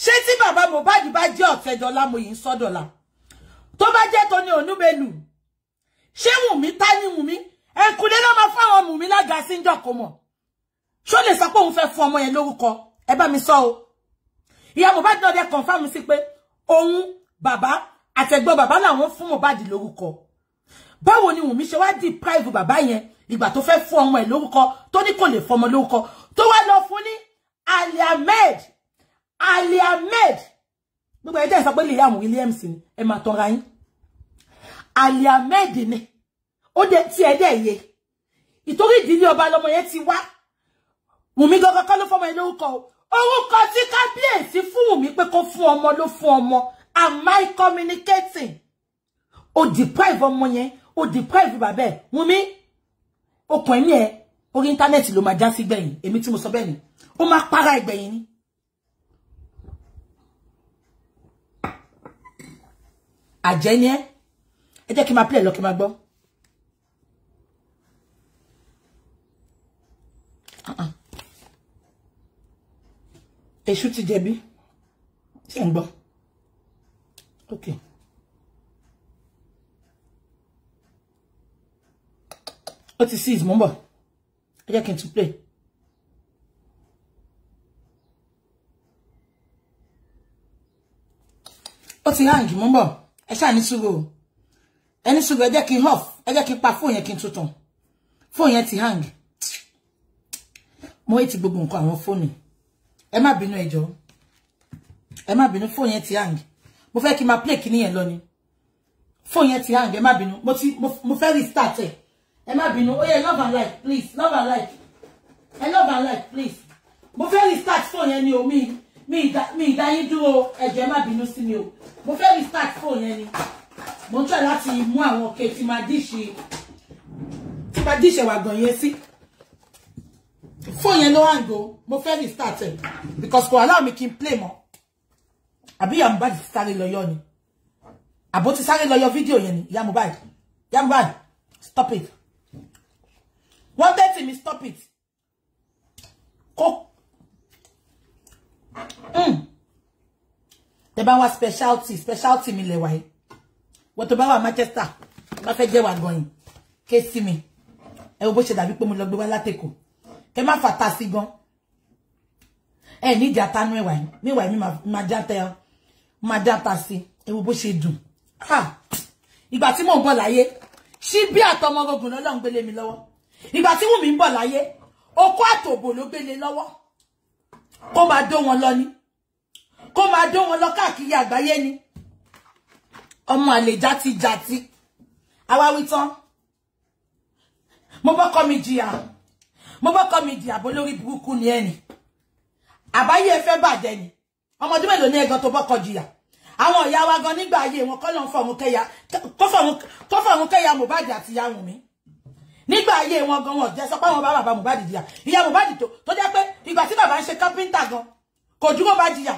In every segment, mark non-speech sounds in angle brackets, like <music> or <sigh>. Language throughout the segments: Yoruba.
ṣé tí bàbá Mohbad bá jẹ́ ọ̀tẹ̀dọ́lá mo yìí ń sọ́dọ̀lá tó bá jẹ́ tó ní ònúbẹ̀lù ṣé Wùnmí tá ní Wùnmí ẹ̀kúlé ló máa fáwọn Wùnmí lága sí ń jọ̀kọ́ mọ̀ ṣó lè sọ pé òun fẹ́ fún ọmọ yẹn lórúkọ ẹ bá mi sọ o ìyá Mohbad náà dẹ kọ̀ǹfàmù sí pé òun bàbá àtẹ̀gbọ́n bàbá làwọn fún Mohbad lórúkọ báwo ni onubelu se mi. ta ni wunmi ekule lo maa fawon wunmi laga si n joko mo so ṣe de konfamu si pe oun baba ategbon baba lawon fun mohbad loruko bawo ni mi se wa deprive bàbá yẹn ìgbà tó fẹ́ fún ọmọ ẹ̀ lórúkọ tó ní kò lè fọmọ lórúkọ tó wá lọ fún ní Ali Ahmed Ali Ahmed gbogbo ẹjẹ ìsọ pé Liam Williams ni ẹ máa tọra yín Ali Ahmed ni ó dé tí ẹdẹ yẹ ìtorí ìdílé ọba lọmọ yẹn ti wá Wùmí gangan kọ́ ló fọmọ yẹn lórúkọ orúkọ tí kábíyèsí fún Wùmí pé kó fún ọmọ ló fún am I communicating o deprive ọmọ money. o deprive bàbá ẹ Wùmí okùn O ẹ orí íńtánẹ́ẹ̀tì ló máa já sí gbẹ̀yìn èmi tí mo sọ bẹ́ẹ̀ ó máa para ẹgbẹ̀yìn ni àjẹ́ ni ẹ́ ẹ jẹ́ kí play lọ kí n máa gbọ́. èṣù ti jẹ̀bi ṣe ń gbọ́ ok. ó ti seize mò ń bọ̀ ẹ jẹ́ kí n play. ó ti hang mò ń bọ̀ ẹ ṣáà ní sùúrù o ẹ ní sùúrù ẹ jẹ́ kí n off pa phone yẹn kí n tún tàn ti hang mo ti gbogbo nǹkan àwọn fóònù ẹ má bínú ẹ jọ̀ọ́ ẹ má bínú fóònù ti hang mo fẹ́ kí n máa play kíní yẹn lọ ni fóònù yẹn ti hang ẹ má bínú mo ti mo fẹ́ restart ẹ ẹ má bínú ó love and like please love and like ẹ love and like please mo fẹ́ restart fóònù yẹn ni omi mi ìdá yín dúró ẹ̀jọ̀ ẹ má bínú sí mi o mo fẹ́ start phone yẹn ni mo ń tọ́ láti mú àwọn òkè tí máa díṣe tí máa díṣe wà gan yẹn sí phone yẹn ló wà ń go mo fẹ́ restart ẹ̀ because kò allow mi kí n play mọ́ àbí ìyá Mohbad ti sáré lọ yọ ni àbó ti sáré lọ yọ fídíò yẹn ni ìyá Mohbad ìyá Mohbad stop it one thirty mi stop it kó tẹ The wá specialty, specialty mi lẹ̀wà yìí wọ́n tó bá Manchester bá fẹ́ jẹ́ wà going? ké sí mi ẹ wo bó ṣe dàbí pé mo lọ gbé wá látẹ̀kọ̀ kẹ má fàtà sí gan ẹ nídìí àtànú ẹ̀wà yìí níwà yìí má já tẹ má já ta sí ẹ wo bó ṣe dùn ìgbà tí mò ń bọ̀ láyé ṣí bí àtọmọ ogun lọ́lọ́ ń gbélé mi lọ́wọ́ ìgbà tí wùmí ń bọ̀ láyé okó àtòbò ló gbélé lọ́wọ́ Ko máa dó wọn lọ ni kó máa dó wọn lọ káàkiri àgbáyé ni ọmọ àlè játijàti àwa wí tán mo bọ́kọ mi jìyà mo bọ́kọ mi jìyà bó lórí burúkú ni ẹni àbáyé ẹ fẹ́ bàjẹ́ ni ọmọ ọdún mélòó ní ẹ̀gàn tó bọ́kọ jìyà àwọn ìyá wa gan nígbà ayé wọn kọ́ lọ́n fọ̀run kẹ́yà Mohbad àti ìyá Wùnmí nígbà ayé wọn gan wọn jẹ́ sọ pé àwọn bá bàbá Mohbad jìyà ìyá Mohbad tó tó jẹ́ pé ìgbà tí bàbá ń ṣe kápẹ́ńtà gan kò dúró bá jìyà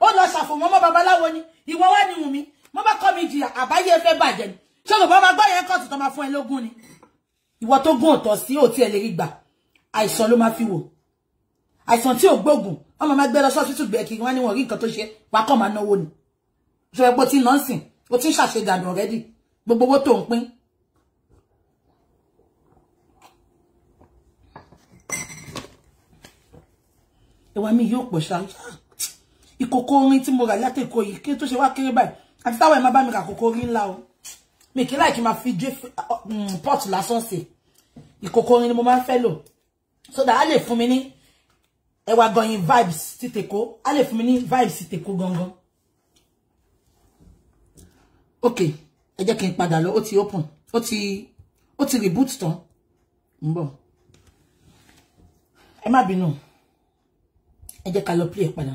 ó lọ ṣàfòmọ́ mọ́ babaláwo ni ìwọ wá ní Wùnmí mo bá kọ́ mi jìyà àbáyé ẹ fẹ́ bàjẹ́ ni ṣé kò bá máa gbọ́ yẹn kọ́ọ̀tù tó máa fún ẹ lógún ni ìwọ tó gún ọ̀tọ̀ sí òtí ẹ lè rí gbà àìsàn ló máa fi wò àìsàn tí ò gbóògùn wọn máa gbé lọ sọ́ọ́sì tùgbẹ́ kí wọ́n ní wọn rí nǹkan tó ṣe wà kọ́ máa náwó ni ṣọlẹ́pọ̀ tí nọ́ọ̀sìn ó ti ń ṣàṣegàdùn ọ̀rẹ́dì gbogbo owó tó ń pín ẹ̀wà mi yóò pọ̀ ṣá ìkòkò orin tí mo rà látẹ̀kọ́ yìí kí tó ṣe wá kéré báyìí àti táwọn ẹ̀ bá mi ra kòkò orin ńlá o mi kí láì kí máa fi jẹ́ mm, pot lásán sí ìkòkò orin ni mo máa ń fẹ́ lò so that á lè fún mi ní ẹwà gọyìn vibes ti tèkó á lè fún mi ní vibes ti tèkó gangan ok ẹ jẹ́ kí n padà lọ ó ti open ó ti ó ti reboot tán ń bọ̀ ẹ má bínú ẹ jẹ́ ká lọ play ẹ̀ padà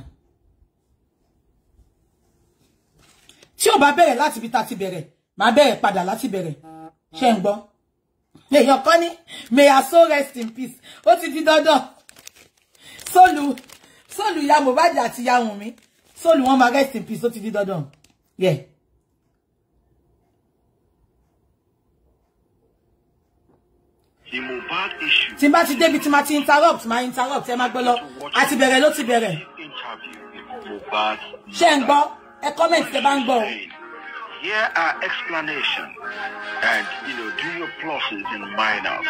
tí ò bá bẹ̀rẹ̀ láti ibi tá a ti bẹ̀rẹ̀ màá bẹ̀rẹ̀ padà láti bẹ̀rẹ̀ ṣe ń gbọ́ èèyàn kan ní may her soul rest in peace ó ti di dandan sóòlù sóòlù ya Mohbad àti ya Wùnmí sóòlù wọn máa rest in peace ó ti di dandan yeah. tí n bá ti débi tí ma ti interrupt ma interrupt ẹ má gbé lọ a ti bẹ̀rẹ̀ ló ti bẹ̀rẹ̀ ṣé ń gbọ́ ẹ comment tẹ bá ń gbọ́ Here are explanations and you know do your pluses and minus.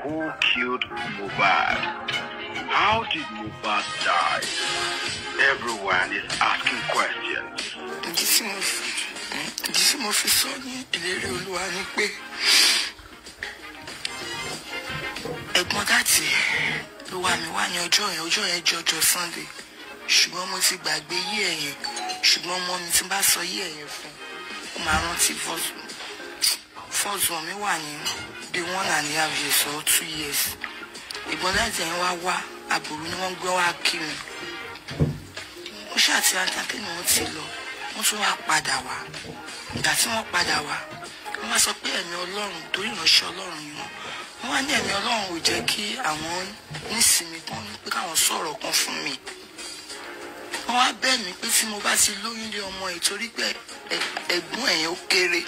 Who killed Mohbad? How did Mohbad die? Everyone is asking questions. Ǹjẹ́ tí mo fi sọ ní ìlérí Olúwa ni pé ẹ̀gbọ́n dàtì ló wà mí wá ní ọjọ́ yẹn ọjọ́ yẹn jọjọ sunday ṣùgbọ́n mo ti gbàgbé yí ẹ̀yìn ṣùgbọ́n mo ní tí bá sọ yí ẹ̀yìn fún un máa rántí fọ́ọ̀zù mi wà ní the one and a half years or two years ẹ̀gbọ́n dàtì yẹn wá wá àbúrò ni wọ́n gbé wá kí mi ó ṣàti àtàkì ni wọ́n ti lọ wọ́n tún wá padà wá ìgbà tí wọ́n padà wá wọ́n wá sọ pé ẹ̀mí ọlọ́run torí ìránṣẹ́ ọlọ́run ni wọ́n wọ́n wá ní ẹ̀mí ọlọ́run ò jẹ́ kí àwọn nísìmí tán ní pé káwọn sọ̀rọ̀ kan fún mi wọ́n wá bẹ̀ mí pé tí mo bá ti lóyún lé ọmọ ẹ̀ torí pé ẹ̀gbọ́n ẹ̀yẹn ó kéré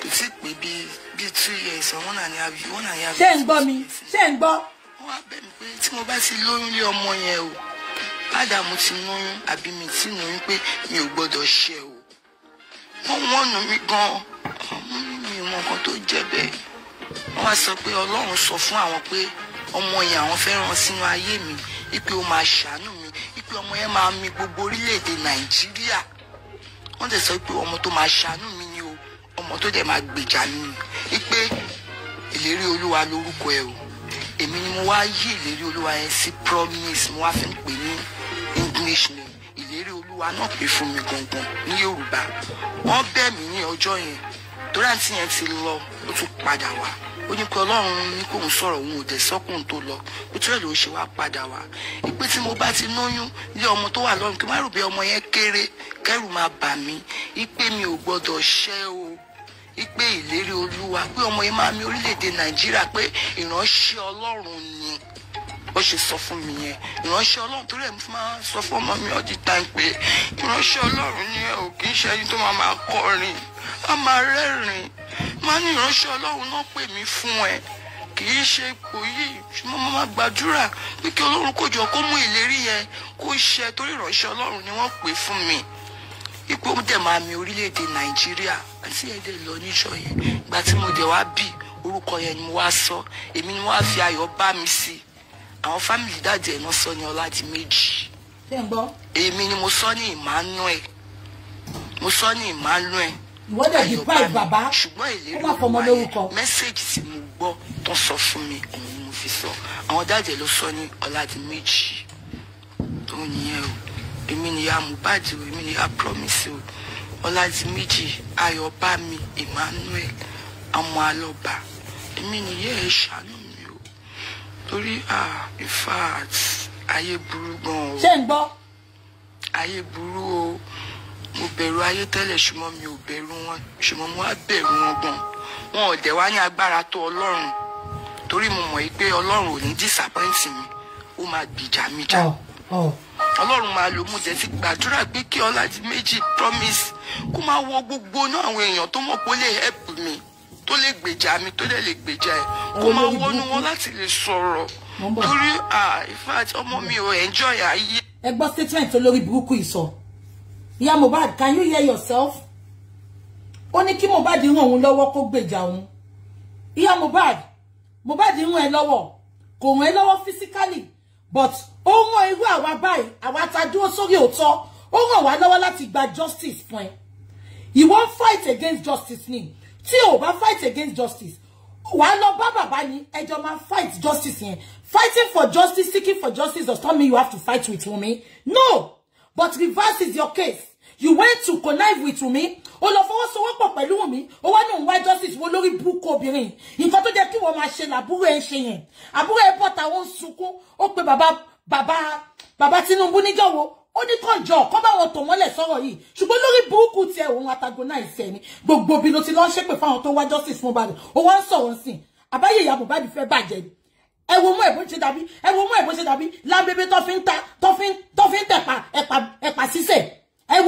kò tí ì pé bíi bíi two years wọ́n náà ní àbí wọ́n náà ní àbí. ṣé ń gbọ́ mi ṣé ń gbọ́. wọ́n wá bẹ̀ mí pé tí mo bá ti lóyún lé ọmọ yẹn o padà mo ti lóyún àbí mi ti lóyún pé mi ò gbọ́dọ̀ ṣe o wọ́n wọ́n nù gan-an mi ò mọ nǹkan tó jẹ́ bẹ́ẹ̀ wọ́n wá sọ pé ọlọ́run sọ fún àwọn pé ọmọ yẹn àwọn fẹ́ sínú ayé mi wípé ó máa ṣàánú mi wípé ọmọ yẹn máa mi gbogbo orílẹ̀-èdè nàìjíríà wọ́n dẹ̀ sọ pé ọmọ tó máa ṣàánú mi ni o ọmọ tó dẹ̀ máa gbèjà mi ni wípé ìlérí olúwa lórúkọ ẹ o èmi ni mo wá yí ìlérí olúwa yẹn sí promise mo wá fi ń pè ní english name ìlérí olúwa náà pè fún mi gangan ní yorùbá wọ́n bẹ̀ mí ní ọjọ́ yẹn tó rántí yẹn ti lọ ó tún padà wá ó ní pé ọlọ́run ní kóun sọ̀rọ̀ òun ò dẹ̀ sọ́kùn tó lọ nítorí ló ń ṣe wá padà wá ìpè tí mo bá ti lóyún ilé ọmọ tó wà lọ́rùn kí má rò bí ọmọ yẹn kéré kẹ́rù máa bà mí ìpè mi ò gbọ́dọ̀ ṣẹ́ o ìpè ìlérí olúwa pé ọmọ yẹn máa mi orílẹ̀-èdè nàìjíríà pé ìránṣẹ́ ọlọ́run ni bó ṣe sọ fún mi yẹn ìránṣẹ́ ọlọ́run tó rẹ̀ máa sọ fún ọmọ mi all the time pé ìránṣẹ́ ọlọ́run ni ẹ ò kì í ṣe ẹni tó máa máa kọrin á máa rẹ́rìn má ní ìránṣẹ́ ọlọ́run náà pè mí fún ẹ kì í ṣe ipò yìí ṣùgbọ́n mo máa gbàdúrà pé kí ọlọ́run kó jọ kó mú ìlérí yẹn kó ṣe torí ìránṣẹ́ ọlọ́run ni wọ́n pè fún mi ipò dẹ̀ máa mi orílẹ̀-èdè nàìjíríà àti èdè lọ níjọ yẹn ìgbà tí mo dẹ̀ wá bí orúkọ yẹn ni mo wá sọ èmi ni wọ́n á fi ayọ̀ bá mi sí i àwọn fámìlì dáàdì ẹ̀ náà sọ ní ọlá di méjì èmi ni mo sọ ní Emmanuel mo sọ ní Emmanuel ayọ̀bá mi ṣùgbọ́n ìlérí olúwa yẹn mẹ́sẹ̀gì tí mo gbọ́ tó sọ fún mi òun ni mo fi sọ àwọn dáàdì ẹ̀ ló sọ ní ọlá di méjì tó nìyẹn o èmi ni ya o èmi ni promise o ọlá di méjì ayọ̀bá mi Emmanuel ọmọ alọ́ba èmi nìyẹn ẹ̀ ṣàánú torí ah in ayé burú gan o. ṣé ń gbọ́. ayé burú o mo bẹ̀rù ayé tẹ́lẹ̀ ṣùgbọ́n mi ò bẹ̀rù wọn ṣùgbọ́n mo wá bẹ̀rù wọn gan wọn ò dẹ̀ wá ní agbára tó ọlọ́run torí mo mọ̀ pé ọlọ́run ò ní disappoint mi ó máa gbìjà mi já oh, oh. ọlọ́run máa lò mú jẹ́ sí gbàdúrà pé kí ọlá ti méjì promise kó máa wọ gbogbo náà àwọn èèyàn tó mọ̀ pé ó lè help mi tó lè gbèjà mi tó dẹ̀ lè gbèjà ẹ̀ kó máa wọnú wọn láti lè sọ̀rọ̀ torí in fact ọmọ mi ò enjoy ayé. ẹ gbọ́ statement olórí burúkú yìí ìyá Mohbad can you hear yourself ó ní kí Mohbad ràn òun lọ́wọ́ kó gbèjà òun ìyá Mohbad Mohbad ràn ẹ lọ́wọ́ kò ràn ẹ lọ́wọ́ physically but ó ràn irú àwa báyìí àwa ta dúró sórí òótọ́ ó ràn wá lọ́wọ́ láti gba justice fún ẹ won't fight against justice Me. Till o fight against justice while bàbá ni ẹ fight justice here, fighting for justice seeking for justice does not mean you have to fight with Wunmi no but reverse is your case you went to connive with Wunmi o lọ work pẹ̀lú Wunmi o wá ní know why justice wo lórí burúkú obìnrin In fact, they keep wọ́n máa ṣe làbúrò ẹ̀ ṣe abu àbúrò ẹ̀ bọ́ta ó ń sunkún ó pe bàbá bàbá bàbá Tinubu níjọ́wọ́ ó ní kànjọ kọ́ bá wọn tò mọ́lẹ̀ sọ̀rọ̀ yìí ṣùgbọ́n lórí burúkú tiẹ̀ òun antagonize ẹni gbogbo bí ló ti lọ ṣépè fáwọn tó ń wá justice fún Mohbad ó wá ń sọ̀rọ̀ sí i àbáyé ìyá Mohbad fẹ́ bàjẹ́ ni ẹ mú ẹ̀bùn ṣe dàbí ẹ mú ẹ̀bùn ṣe dàbí lábẹ́bẹ́ tó fi ń ta tó fi ń tó ẹ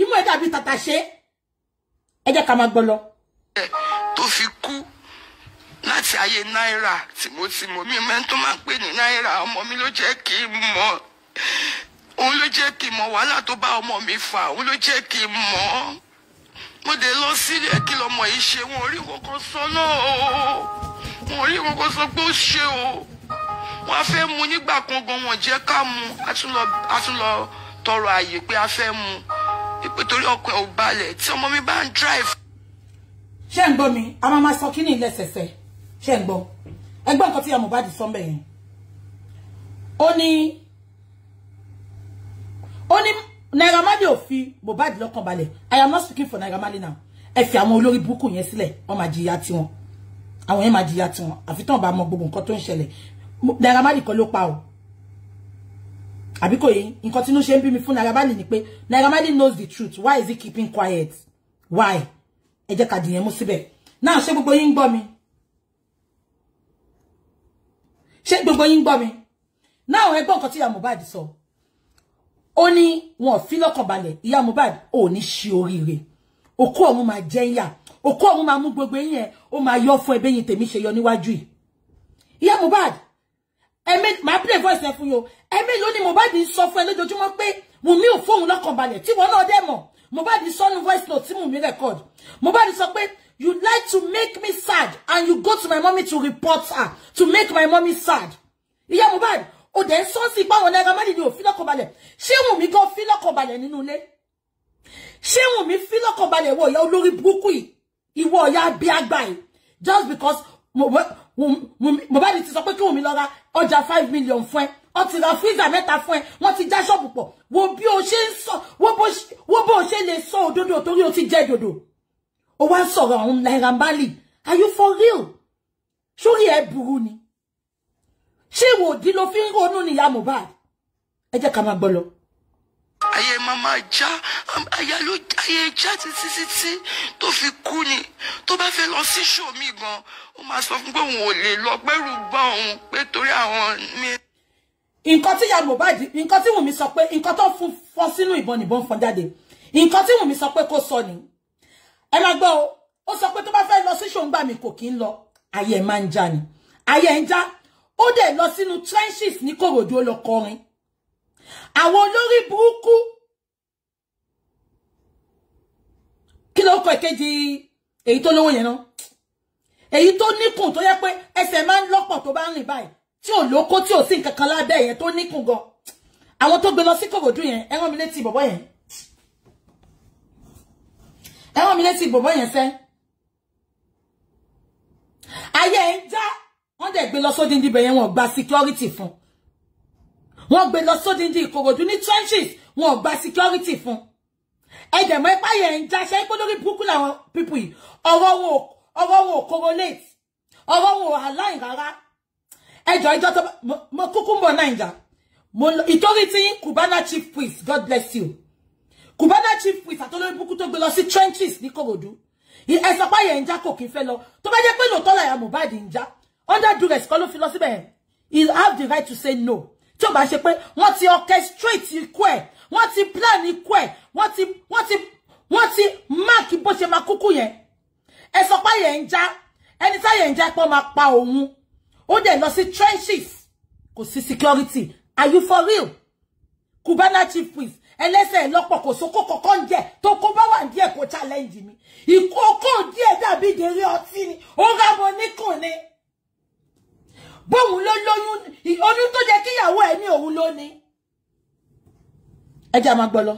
imú ẹ̀ dàbí tàtà ṣe ẹ jẹ́ ká máa gbọ́ lọ. tó fi kú láti ayé náírà tìmọ́tìmọ́ mi mẹ́ńtọ́ máa ń pè ní náírà ọmọ mi ló jẹ́ kí n mọ̀ òun ló jẹ́ kí n mọ wàhálà tó bá ọmọ mi fà òun ló jẹ́ kí n mọ̀ mo dé lọ sílé kí lọmọ yìí ṣe wọn ò rí kankan sọ náà o wọn ò rí kankan sọ pé ó ṣe o wọn á fẹ́ mu nígbà kan gan wọn jẹ́ ká mu a tún lọ tọrọ àyè pé a fẹ́ mu pé torí ọkọ ò balẹ̀ tí ọmọ mi bá ń drive. ṣé ń gbọ́ mi a máa máa sọ kí ni ìlẹ́sẹ̀sẹ̀ ṣé ń gbọ́ ẹgbẹ́ nǹkan tí ìyá Mohbad sọ ń yẹn ó ní ó ní Naira fi Mohbad lọ́kàn balẹ̀ I am not speaking for Naira now ẹ fi àwọn olórí burúkú yẹn sílẹ̀ wọ́n máa jìyà tiwọn àwọn yẹn máa jìyà tiwọn àfi tán bá mọ gbogbo nǹkan tó ń ṣẹlẹ̀ Naira Marley kọ́ ló pa o àbí kò yé nǹkan tí inú ṣe ń mi fún Naira ni pé Naira knows the truth why is he keeping quiet why ẹ jẹ́ ká dìyẹn mú síbẹ̀ náà ṣé gbogbo yín ń gbọ́ mi ṣé gbogbo yín ń gbọ́ mi náà ẹ gbọ́ nǹkan tí ìyá Mohbad So. Only one wọn fi ìyá Mohbad ò ní òkú ọ̀run jẹ́ yà òkú ọ̀run máa mú gbogbo eyín ẹ̀ ó máa yọ fún ẹbí yín tèmi ṣe yọ níwájú yìí ìyá Mohbad ẹ̀mí máa play voice ẹ̀ fún yín o ẹ̀mí ló ní Mohbad ń sọ fún ẹ lójoojúmọ́ pé Wùmí ò fóun lọ́kàn balẹ̀ tí wọn náà dẹ̀ mọ̀ sọ ní voice note tí Wùmí record Mohbad sọ pé you like to make me sad and you go to my mommy to report her to make my mommy sad ìyá Mohbad ó dẹ̀ ń sọ́ọ̀sì báwọn náírà mẹ́rin ni ò fi lọ́kàn balẹ̀ ṣé Wùnmí gan fi lọ́kàn balẹ̀ nínú ilé ṣé mi fi lọ́kàn balẹ̀ wo ya olórí buku yìí ìwọ ìyá bí àgbà yìí just because Mohbad ti sọ pé kí Wùnmí lọ ra ọjà five million fún ẹ ọ ti ra freezer mẹ́ta fún ẹ wọ́n ti já ṣọ́ọ̀bù pọ̀ wo bí o ṣe sọ wo bó ṣe lè sọ òdodo torí o ti jẹ́ dòdò o wá sọ̀rọ̀ àwọn náírà mbálì are you for real sórí ẹ burú ni ṣé ìwò òdí ló fi ń ronú ní ìyá Mohbad ẹ jẹ́ ká máa gbọ́ lọ. ayé màmá já aya ló ayé já títí títí tó fi kú ni tó bá fẹ́ lọ sí ṣòmí gan ó máa sọ fún pé òun ò lè lọ pẹ̀lú gbọ́n òun pé torí àwọn mi. nǹkan tí ìyá Mohbad nǹkan tí Wùnmí sọ pé nǹkan tó fún fọ́ sínú ìbọn nìbọn fọ́n jáde nǹkan tí Wùnmí sọ pé kó sọ ni ẹ máa gbọ́ o ó sọ pé tó bá fẹ́ lọ sí ṣòǹgbà mi kò kí ń lọ ayé ẹ̀ máa ń já ni ayé ẹ̀ ń já ó dẹ̀ lọ sínú trenches ní Kòròdú lọ kọrin àwọn olórí burúkú kí ló kọ ìkejì èyí tó lówó yẹn náà èyí tó níkùn tó yẹ pé ẹsẹ̀ máa ń lọ́pọ̀ tó bá ń rìn báyìí tí ò lóko tí ò sí nǹkan kan lábẹ́ yẹn tó níkùn gan àwọn tó gbé lọ sí Kòròdú yẹn ẹ rán mi létí bọ̀bọ̀ yẹn ẹ mi létí bọ̀bọ̀ yẹn sẹ́ ayé ẹ ń já. wọ́n dẹ̀ gbé lọ sódìndí bẹ̀yẹn wọn gba security fún wọ́n gbé lọ sódìndí ìkòròdú ní trenches wọn gba security fún ẹ̀jẹ̀ mọ́ ipá yẹn ń jaṣẹ́ pé lórí burúkú làwọn pípù yìí ọ̀rọ̀ wọn ọ̀rọ̀ wọn ò correlate ọ̀rọ̀ wọn ò align rárá ẹjọ́ ẹjọ́ tó mo kúkú ń bọ̀ nàìjà mo ìtorí tí chief priest God bless you Kubana chief priest àtọ́lórí burúkú tó gbé lọ sí trenches ní kòròdú ẹ̀sọ́ pá yẹn ń já kò kí fẹ́ lọ tó bá jẹ́ pé lóòótọ́ làyà Mohbad ń já under duress kọ́ ló fi lọ he have the right to say no tí o bá ṣe pé wọ́n ti orchestrate ikú ẹ̀ wọ́n ti plan ikú ẹ̀ wọ́n ti wọ́n ti wọ́n ti mark bó ṣe máa kúkú yẹn ẹ sọ pé yẹn ń já ẹni táyẹ̀ ń já pé ó máa pa òun ó dẹ̀ lọ sí trenches kò sí security are you for real Kubana chief priest ẹlẹ́sẹ̀ lọ́pọ̀ kò sókó kọ̀ọ̀kan jẹ́ tó kó bá wà díẹ̀ kó challenge mi ìkókó díẹ̀ dàbí ìdérí ọtí ni ó rà mọ́ níkùn ni. bóun ló lóyún oyún tó jẹ́ kíyàwó ẹ̀ ní òun ló ní. ẹ jẹ́ àmà gbọ́ lọ.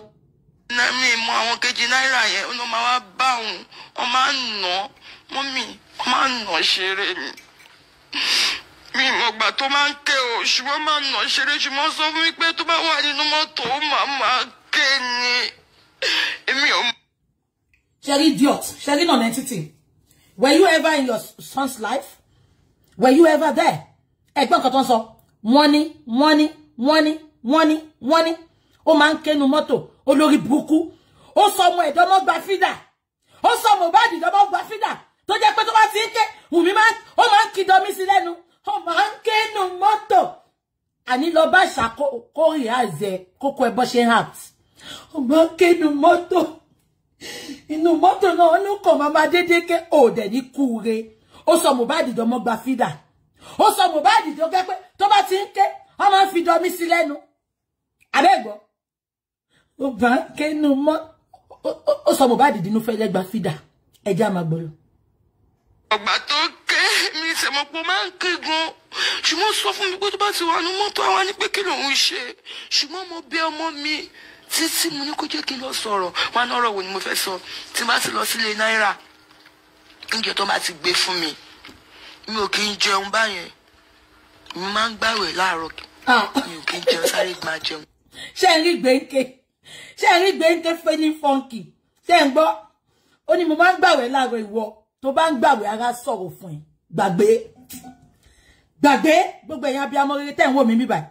mọ àwọn kejì náírà yẹn ó ló máa wá bá òun wọn máa ń nà án mọ́mì wọn máa ń nà án ṣeré ni mi mọ̀ gbà tó máa ń ké o ṣùgbọ́n máa ń nà án ṣeré ṣùgbọ́n sọ fún mi pé tó bá wà nínú mọ́tò ó máa máa ké ni èmi ò. ṣeré idiot ṣeré non-entity were you ever in your son's life were you ever there. ẹ̀gbọ́n kan tó ń sọ money money money money. wọ́n ó man ń kénu mọ́tò olórí burúkú ó sọ ọmọ ẹ̀dọ́mọ́ gba fídà ó sọ Mohbad ìdọ́mọ́ gba fídà tó jẹ́ pé tó bá ti ń ké Wùmí ó máa ń kìdọ́mí sí lẹ́nu ó man ń kénu mọ́tò àní lọ bá ṣàkórí àzẹ kókó ẹbọ ṣe hàt ó man ń kénu mọ́tò inú mọ́tò náà ló kàn máa dédé ké òdẹ̀ ní kúure ó sọ Mohbad ìdọ́mọ́ gba fídà. ó sọ Mohbad tó gẹ́ pé ke bá ti ń ké wọ́n máa ń fi dọmí sí lẹ́nu àbẹ́gbọ́ ó bá kẹ́nu mọ́ ó sọ Mohbad dínú fẹ́lẹ́ gba fídà ẹjẹ́ àmàgbọ́lọ́. ọgbà tó ké mi ìṣẹ̀mọ̀ pé ó máa ń ké gan ṣùgbọ́n sọ mi pé tó bá ti wà ní mọ́tò àwa ní pé kí lòun ṣe ṣùgbọ́n mo bẹ̀ ọmọ mi títí mo ní kó jẹ́ kí n lọ sọ̀rọ̀ wọn náà wo ni mo fe sọ tí n bá ti lọ sílé náírà oúnjẹ tó ti gbé fún mi mi ò kí ń jẹun báyẹn mi máa ń gbàwẹ̀ láàárọ̀ ah. mi ò kí ń jẹun sáré máa jẹun. ṣé ń rí gbẹ̀ǹkẹ̀ ṣé ń rí gbẹ̀ǹkẹ̀ fẹ́ni fọ́ǹkì ṣé ń gbọ́ ó ní mo máa ń gbàwẹ̀ láàárọ̀ ìwọ tó bá ń gbàwẹ̀ ara sọ̀rọ̀ fún ẹ gbàgbé gbàgbé gbogbo ẹ̀yàn abiyamọ rere tẹ̀ ń wò mí mi báyìí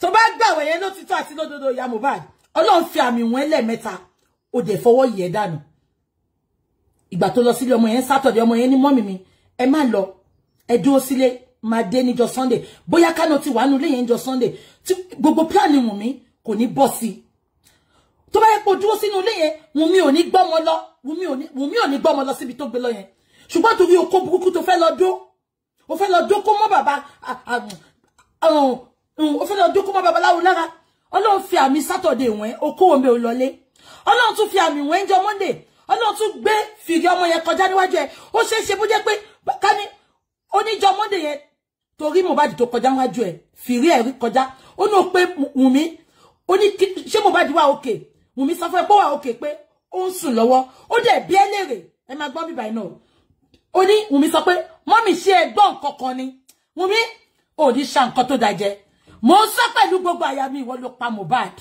tó bá gbàwẹ̀ yẹn ló ti tó àti lódodo ìyá Mohbad ọlọ́run fi àmì wọn lẹ́ẹ̀mẹ́ta ó dẹ̀ fọwọ́ yẹ̀ dànù ìgbà tó lọ sílé ọmọ yẹn sátọ̀dẹ̀ ọmọ yẹn ní mọ́mì mi ẹ má lọ ẹ dúró sílé máa dé níjọ́ sunday bóyá kánò ti wà nù léyìn níjọ́ sunday tí gbogbo pílánì Wùnmí kò ní bọ́ sí i tó bá yẹ kó dúró sínú ilé yẹn Wùnmí ò ní gbọ́mọ lọ Wùnmí ò ní gbọ́mọ lọ síbi tó gbé lọ yẹn ṣùgbọ́n torí okó burúkú tó fẹ́ lọ dó o fẹ́ lọ dó kó mọ́ bàbá um, um, o fẹ́ lọ dó kó mọ́ bàbá láwo lára ọlọ́run fi àmì sátọ̀dẹ̀ wọ́n okó omi ò lọlé ọlọ́run tún fi àmì wọ́n jọ monday ọlọ́run tún gbé fìrí ọmọ yẹn kọjá níwájú ẹ̀ ó ṣeé ṣe bó jẹ́ pé ká ní Oni pé Wùnmí ní ṣé Mohbad wà òkè Wùnmí sọ fún ẹ pé wà òkè pé ń umi lọ́wọ́ ó dẹ̀ bí ẹ léèrè ẹ máa gbọ́ bíbá iná ó ní Wùnmí sọ pé mọ́mì ṣe é gbọ́ nǹkan ni Wùnmí ò ní ṣa nǹkan tó dajẹ́ mò ń sọ pẹ̀lú gbogbo àyà mi ìwọ ló pa Mohbad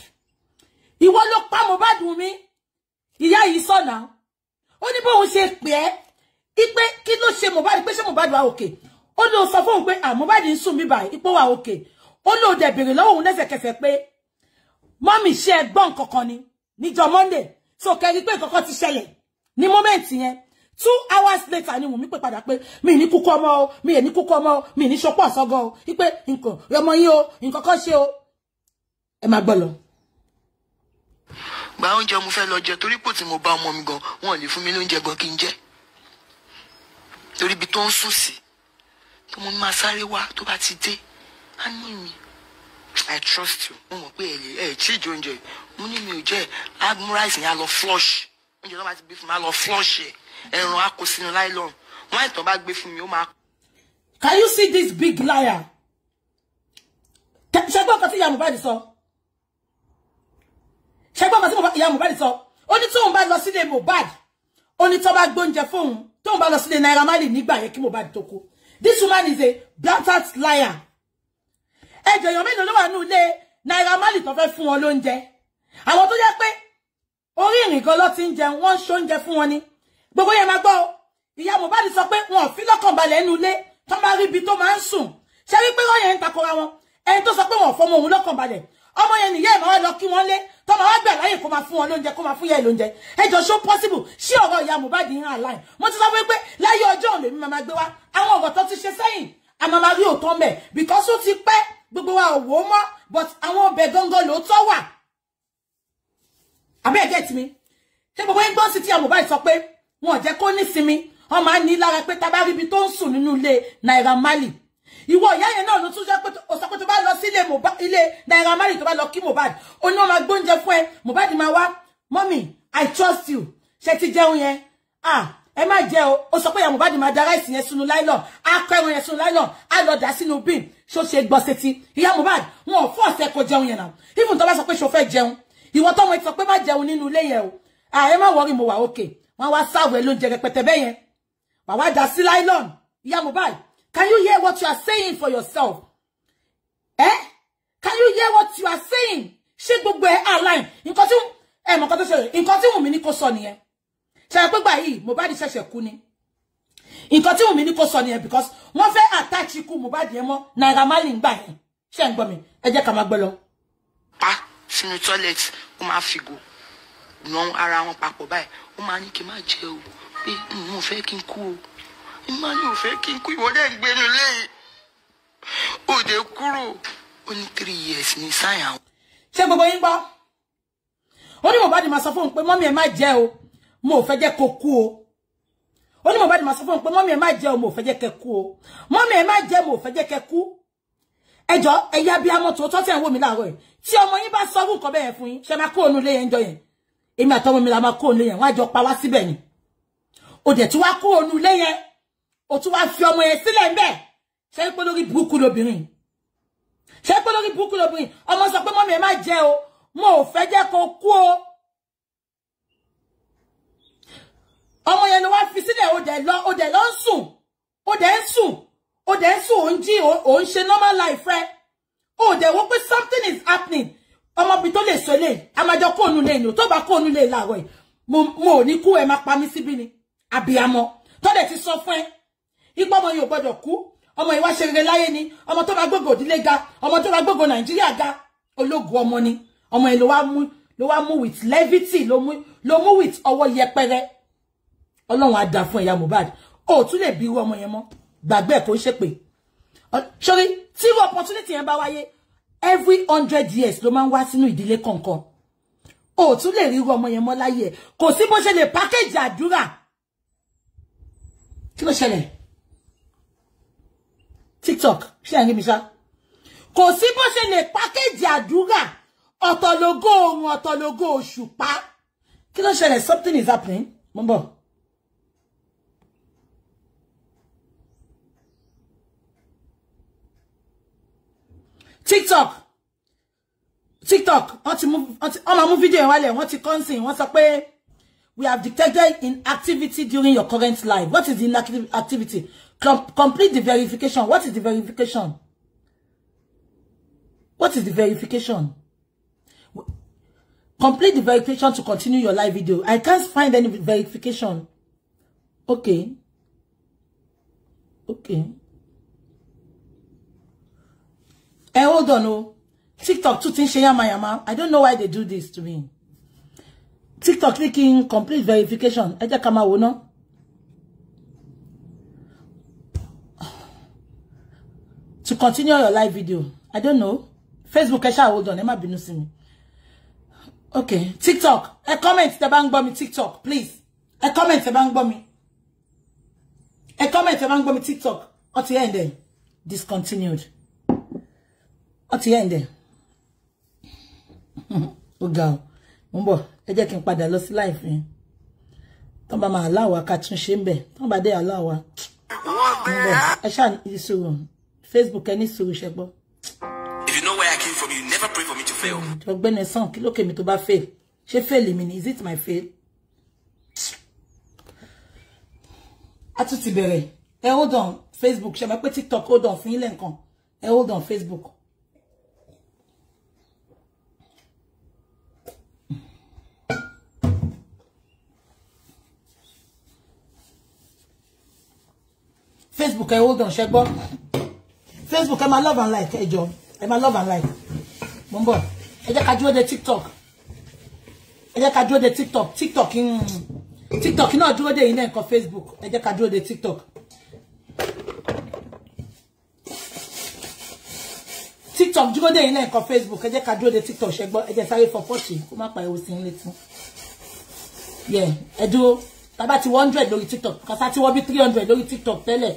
ìwọ ló pa Mohbad Wùnmí ìyá yìí sọ̀nà ó ní bóun ṣe pè é ipe kí ló ṣe Mohbad pé ṣé wà òkè ó lọ sọ fóun pé ah, Mohbad ń sùn mí báyìí ipò wà òkè ó o dẹ̀ béèrè lọ́wọ́ òun lẹ́sẹ̀kẹsẹ̀ pé mọ́mì ṣe ẹ gbọ́ nǹkan kan ni níjọ́ Monday so kẹ́rí pé nǹkan kan ti ṣẹlẹ̀ ni mọ́mẹ́ǹtì yẹn two hours later ni Wùnmí pè padà pé mi ni kúkú ọmọ o mi ni kúkú ọmọ o mi ni ṣopọ̀ ọ̀sọ́gọ́ o wípé nǹkan ọmọ yín o nǹkan kan o ẹ máa gbọ́ lọ gba oúnjẹ mo fẹ́ lọ jẹ torí pò tí mo bá ọmọ mi gan wọn ò lè fún mi lóúnjẹ gan kí n jẹ torí ibi tó ń kí mo máa sáré wá tó bá ti dé á ní mi i trust you mo mọ̀ pé ẹ̀yẹ ẹ̀ oúnjẹ mo ní mi ò jẹ́ admirais yẹn á lọ flush oúnjẹ náà bá ti gbé fún mi á lọ flush ẹ̀ ẹ̀rùn á kó sínú nylon wọ́n àìtàn bá gbé fún mi ó máa. can you see this big liar? ṣẹgbọ́n kan tí ìyá Mohbad sọ ṣẹgbọ́n kan tí ìyá Mohbad sọ ó ní tóun bá lọ sílé Mohbad ó ní tó bá gbóúnjẹ fóun tóun bá lọ sílé Naira Marley nígbà yẹn kí Mohbad tó kú This woman is a blatant liar. Ẹjọ̀ èèyàn men ló wà nínú ilé Naira Marley tó fẹ́ fún wọn lóúnjẹ. Àwọn tó jẹ́ pé orí ìrìn gan ló ti ń jẹun, wọ́n ń ṣóúnjẹ fún wọn ni. Gbogbo yẹn máa gbọ́ o. Ìyá Mohbad sọ pé wọn ò fi lọ́kàn balẹ̀ nínú ilé tó máa rí ibi tó máa ń sùn. Ṣé wípé wọ́n yẹn ń takora wọn? Ẹni tó sọ pé wọn ò fọmọ òun lọ́kàn ọmọ yẹn nìyẹn ẹ̀ máa wá lọ kí wọ́n lé tọ́ máa wá gbà láyè kó máa fún wọn lóúnjẹ kó máa fún yẹ lóúnjẹ ẹ jọ ṣó possible ṣé ọ̀rọ̀ ìyá Mohbad ń hàn láì mo ti sọ fún pé láyé ọjọ́ òun lèmi máa gbé wá àwọn ọ̀rọ̀ tó ti ṣe sẹ́yìn àmọ́ máa rí òótọ́ mẹ́ because ó ti pẹ́ gbogbo wa ò wò ó mọ́ but àwọn ọbẹ̀ gangan ló tọ́ wà àbẹ́ ẹ̀gẹ́ tìmí ṣé gbogbo yín gbọ́n sí tí Mohbad sọ pé wọn ò jẹ́ kó nísinmi wọn máa ń ní lára pé tá a bá ríbi tó ń sùn nínú ilé Naira ìwọ ìyá yẹn náà ló tún jẹ́ pé o sọ pé tó bá lọ sí ilé Naira Marley tó bá lọ kí Mohbad ó ní wọ́n máa gbóúnjẹ fún ẹ Mohbad máa wá mọ́mì I trust you ṣe ti jẹun yẹn ah ẹ má jẹ o ó sọ pé ìyá Mohbad máa da ráìsì yẹn sínú láìlọ á kọ ẹran yẹn sínú láìlọ á lọ dà sínú bin ṣó ṣe gbọ́ sétí ìyá Mohbad wọn ò fọ́ ọ̀sẹ̀ kó jẹun yẹn náà even tó bá sọ pé ṣó fẹ́ jẹun ìwọ tọ́mọ ẹ sọ pé má jẹun nínú ilé yẹn o ah ẹ má wọrí mo wà òkè wọn wá sáwẹ lóúnjẹ rẹpẹtẹ bẹ́yẹn wàá wá dà sí láìlọ́ọ̀nù ìyá Mohbad Can you hear what you are saying for yourself? Eh? Can you hear what you are saying? Ṣé gbogbo ẹ̀ align? Nǹkan tí ẹ mọ̀ nǹkan tó ṣẹlẹ̀, nǹkan tí Wùnmí ní kó sọ nìyẹn. Ṣẹ̀yà pé gbà yìí, Mohbad ṣẹ̀ṣẹ̀ kú ni. Nǹkan tí Wùnmí ní kó sọ nìyẹn because wọ́n fẹ́ attach ikú Mohbad yẹn mọ́ Naira Marley ń gbà yẹn. Ṣé ń gbọ́ mi? Ẹ jẹ́ ká máa gbẹ lọ. Pa sínú toilet, ó máa fi gò ran ara wọn papọ̀ báyìí. Ó máa ní kí n má jẹ o, pé n ò fẹ́ kí n kú o ìmá ni ò fẹ́ kí n kú ìwọ dẹ́ ń gbénu léyìí òde kúrò ó ní three years ní sáyà. ṣé gbogbo yín gbọ́ ó ní Mohbad máa sọ fóun pé mọ́mí ẹ̀ má jẹ́ o mo ò fẹ́ jẹ́ kó kú o ó ní Mohbad máa sọ fóun pé mọ́mí ẹ̀ má jẹ́ o mo ò fẹ́ jẹ́ kẹ́ kú o mọ́mí ẹ̀ má jẹ́ mo ò fẹ́ jẹ́ kẹ́ kú ẹjọ́ ẹ̀yà bí amọ̀ tó tọ́ tẹ̀ ń wò mí láàárọ̀ yìí tí ọmọ yín bá sọ fún nǹkan bẹ́ẹ̀ fún yín ṣe máa kó ònú ilé yẹn jọ yẹn èmi àtọmọ mi la máa kó ònú ilé yẹn wọ́n á pa wá síbẹ̀ yẹn ó dẹ̀ tún kó ònú ilé yẹn ó tún wá fi ọmọ yẹn sílẹ̀ ńbẹ̀ ṣé pé lórí burúkú lobìnrin ṣé pé lórí burúkú lobìnrin Omo sọ pé mọ́mí ẹ má jẹ́ o mo ò fẹ́ jẹ́ kó kú o ọmọ yẹn ló wá fi sílẹ̀ ó dẹ̀ lọ o dẹ̀ lọ ń sùn ó dẹ̀ ń sùn ó dẹ̀ ń sùn ó normal life rẹ ó dẹ̀ wò pé something is happening ọmọbi tó lè sọ eléyìí a máa jọ kóònù lè ní o tó bá kóònù lè láàárọ̀ yìí mo ò ní kú ẹ máa pa mí síbí ni àbíamọ tó dẹ̀ ti sọ fún ipò ọmọ yìí ò gbọdọ̀ kú ọmọ yìí wá ṣe rere láyé ni ọmọ tó bá gbogbo òdílé ga ọmọ tó bá gbogbo nàìjíríà ga ológun ọmọ ni ọmọ yìí ló wá mú ló wá mú with levity ló mú ló mú with ọwọ́ yẹpẹrẹ ọlọ́run á dá fún ẹ̀yà Mohbad ó tún lè bí irú ọmọ yẹn mọ́ gbàgbé ẹ̀ ṣe pé sori tí irú opportunity yẹn bá wáyé every hundred years ló máa ń wá sínú ìdílé kọ̀ọ̀kan ó tún lè rí irú ọmọ yẹn mọ́ láyé kò sí bó ṣe lè package àdúrà kí ló ṣẹlẹ̀ tiktok ṣé ẹ̀yin mi ṣá kò sí bó ṣe lè pákéjì àdúrà ọ̀tọ̀lógó ohun ọ̀tọ̀lógó òṣùpá kí ló ṣẹlẹ̀ something is happening mo ń bọ̀. tiktok tiktok wọ́n ti mú wọ́n máa mú fídíò yẹn wálẹ̀ wọ́n ti kọ́ńsìn wọ́n sọ pé we have detected inactivity during your current live what is inactivity Com complete the verification. What is the verification? What is the verification? Complete the verification to continue your live video. I can't find any verification. Okay. Okay. Hey, eh, hold on, oh. TikTok tún ti I don't know why they do this to me. TikTok clicking, complete verification. Ẹ jẹ́ ká to continue your live video. I don't know. Facebook, I eh, shall hold on. Ẹ má bínú sí me. Okay. TikTok. A comment the bank ń TikTok, please. A comment the bank ń A comment the bank ń TikTok. Ó ti end there. Discontinued. Ó ti end there. <laughs> Ó ga o. Mo ń bọ̀. Ẹ jẹ́ kí n can't je lọ sí live yẹn. allow wa ká tún ṣe ń bẹ̀. Tọ́n bá allow wa. Mo ń bọ̀. Ẹ Facebook ẹni sùúrù ṣẹgbọ́. if you know where I came from you never pray for me to fail. Mm, ọ̀gbẹ́ni sàn kí ló kèmí tó bá fail ṣé fail mi ni is it my fail. Atu tún ti bẹ̀rẹ̀ ẹ hold on Facebook ṣe máa TikTok hold on fún yín lẹ́ǹkan ẹ hold on Facebook. Facebook ẹ hold on ṣẹgbọ́. facebook ẹ máa love and like ẹ jọ ẹ máa love and like mo ń bọ̀ ẹ jẹ́ ká dúró de tiktok ẹ jẹ́ ká dúró de tiktok tiktok tiktok náà dúró de yìí náà nǹkan facebook ẹ jẹ́ ká dúró de tiktok. tiktok dúró de yìí náà nǹkan facebook ẹ jẹ́ ká dúró de tiktok ṣẹgbọ́n ẹ jẹ́ sáré fọ pọ́ọ̀tì kó má pa ewu sí létí. ẹ dúró tá a ti one hundred lórí tiktok kàtà tí wọ́n bí three hundred lórí tiktok tẹ́lẹ̀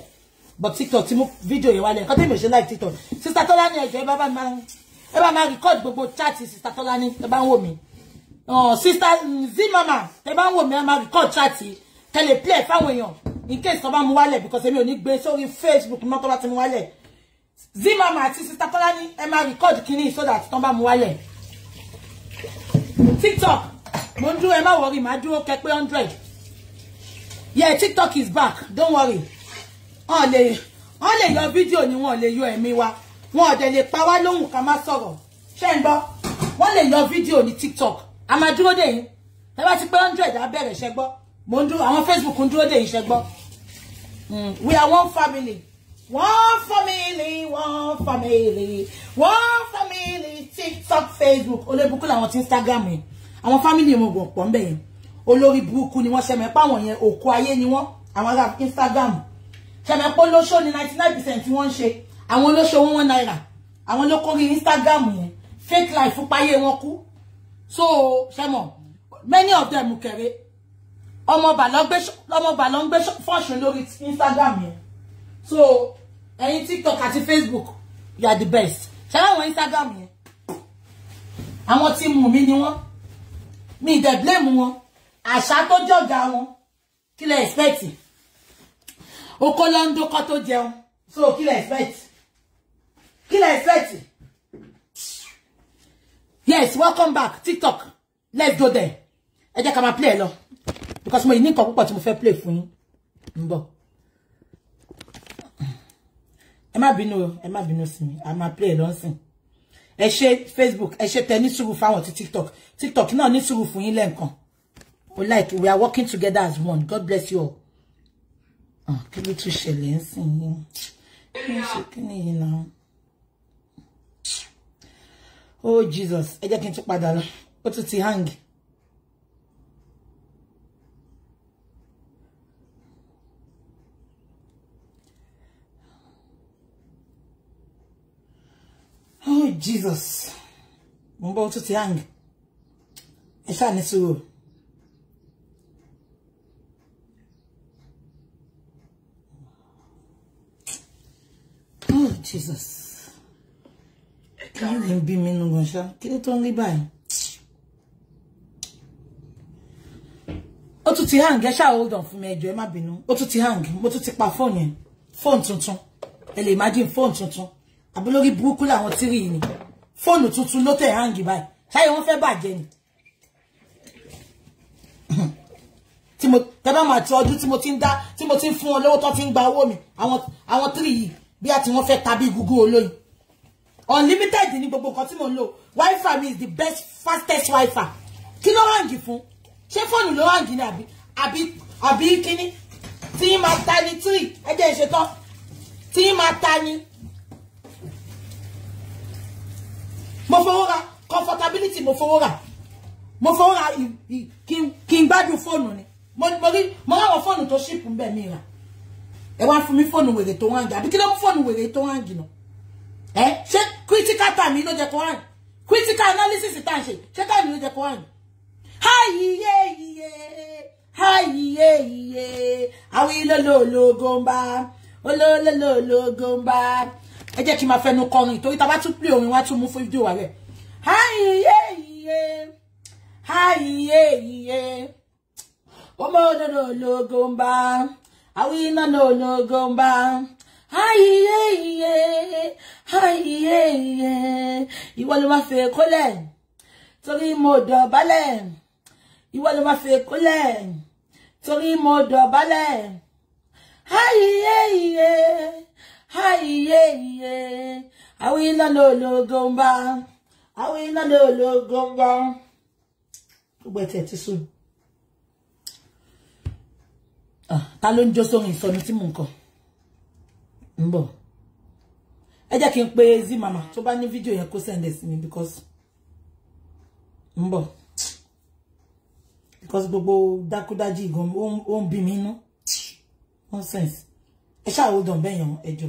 but tiktok ti mú fídíò yẹn wálẹ̀ nǹkan tí mi ò ṣe like tiktok sista tọ́lá ní ẹ̀jọ̀ ẹ bá máa ẹ bá máa record gbogbo chat sista tọ́lá ní ẹ bá ń wò mí oh, sista mama, ẹ bá ń wò mí ẹ máa record chat kẹlẹ̀ play fáwọn èèyàn in case tó bá mú wálẹ̀ because èmi ò ní gbé sórí facebook mọ́ tó bá ti mú wálẹ̀ zimama àti sista tọ́lá ní ẹ máa record kínní so that tó bá mú wálẹ̀ tiktok mo ń dúró ẹ má worry má dúró kẹ pé hundred yeah tiktok is back don't worry wọn lè wọn lè yọ fídíò ni wọn lè yọ ẹ̀mí wa wọn ọ̀dẹ̀ lè pa wá lóhùn ká má sọ̀rọ̀ ṣé ń gbọ́ wọn lè yọ fídíò ní tiktok a máa dúró dè yín ẹ bá ti pé hundred á bẹ̀rẹ̀ ṣẹ mo ń dúró àwọn facebook ń dúró dè yín ṣẹ gbọ́ hmm, we are one family one family one family one family tiktok facebook olóbùkú làwọn ti instagram yìí àwọn family mo gbọ̀ pọ̀ ń bẹ̀ yẹn olórí burúkú ni wọ́n ṣẹ̀mẹ̀ pàwọn yẹn òkú ayé ni wọ́n àwọn ará instagram ṣẹ̀mẹ̀ pé olóṣó ni ninety nine percent wọ́n ń ṣe àwọn olóṣó wọn wọn naira. àwọn ló kórí Instagram yẹn fake life páyé wọn kú so ṣẹmọ many of them kẹrẹ ọmọọba ló ń gbé fọ́ọ̀ṣùn lórí Instagram yẹn so ẹyin TikTok àti Facebook you are the best ṣẹlẹ àwọn Instagram yẹn àwọn tí mú mi ni wọn mi ìdẹ̀ blame wọn àṣà tó jọ̀gá wọn kí lẹ expect okó ló ń dókọ́ tó jẹun so kí lẹ expect kí lẹ expect yes welcome back tiktok let's go there ẹ jẹ́ ká máa play lo because mo ní nǹkan púpọ̀ tí mo fẹ́ play fún yín ń bọ̀ ẹ má bínú ẹ má a máa play lọ sìn ẹ ṣe facebook ẹ ṣe tẹ ní sùúrù fáwọn ti tiktok tiktok náà ní sùúrù fún yín lẹ́ǹkan o like we are working together as one god bless you all. Give tún ṣẹlẹ̀ ń sìn yín kí n ṣe kí oh jesus I just can't tún padà lọ ó tún hang oh jesus mo ń hang If I ní sùúrù. Jesus can you ń bí mi nù gan ṣá kí ló tó ń rí báyìí. ti hang ẹ hold on for me, ẹ jọ̀ọ́ ẹ má bínú ó ti hang mo tún ti pa fóònù yẹn fóònù tuntun ẹ lè imagine fóònù tuntun àbí buku la làwọn ti ri ni fóònù tuntun ló tẹ̀ hang báyìí ṣáyé wọ́n fẹ́ bàjẹ́ ni tí mo tẹ́ bá máa ti ọdún tí mo ti ń dá tí mo ti ń fún wọn lówó tó ti ń gba owó mi àwọn tírì yìí bí àti wọ́n fẹ́ tabi Google olóyin unlimited ni gbogbo nǹkan tí mo ń lò wifi mi is the best fastest wifi kí ló hàǹgì fún ṣé fóònù ló hàǹgì ni àbí àbí àbí kíní tí yín máa ta ni tírì ẹ jẹ́ ìṣetán tí yín máa ta ni mo fowó ra comfortability mo fowó ra mo fowó ra kí n gbádùn fóònù ni mo rí mo ráwọn fóònù tó ṣìpù ń bẹ̀ mí rà ẹ wá fún mi fóònù wèrè tó hàn àbí kí ló mú fóònù wèrè tó hàn no. ẹ ṣé critical time ló jẹ kó hàn critical analysis tá à ń ṣe ṣé táìmì ló jẹ kó hàn háyìíyé yìíyé háyìíyé yìíyé àwọn ilé lóòlógó ń bá olóòlé lóòlógó ń bá ẹ jẹ́ kí n máa fẹnu kọrin torí ta bá tún pè orin wá tún mú fídíò wa rẹ̀ háyìíyé yìíyé háyìíyé yìíyé ọmọ olóòlógó ń bá awina n'onyo gomba ayiye iye ayiye iye ìwọ ló máa fèrè kólẹ̀ torí mo dọ̀bálẹ̀ ìwọ ló máa fèrè kólẹ̀ torí mo dọ̀bálẹ̀ ayiye iye ayiye iye awina n'onyo gomba awina n'onyo gomba gbogbo ẹtẹ ti e sùn. ta ló ń jó sórin ìsọnu tí mò ń kọ ń ẹ n pe zi mama tó bá ní fídíò yẹn kó send gbogbo dákúdájí gan ó ń bí mi inú nonsense ẹ ṣáà hold on bẹ́yàn ẹ jọ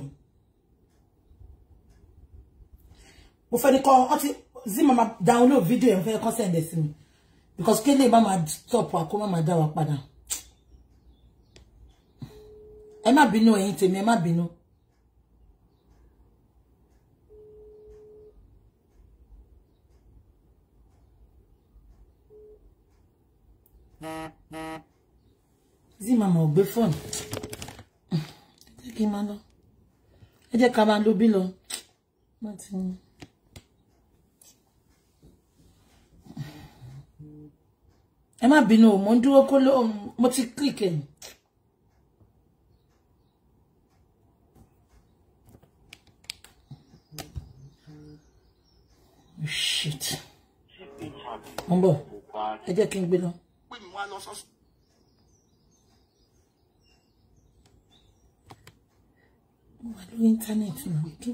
mo fẹ́ zi mama download fídíò yẹn fẹ́ kó send sí mi because kí lè má máa stop ẹ má bínú ẹ̀yin tèmi ẹ má bínú. zí màmá ò gbé fóònù jẹ́ kí n máa lọ ẹ jẹ́ ká máa lo bí lọ. ẹ má bínú mo ń dúró kó ló mo ti kíkẹ́ yìí. Oh, shit mo ń bọ̀ ẹ jẹ́ kí n gbé lọ. mo wà lórí íńtánẹ́ẹ̀tì náà kí.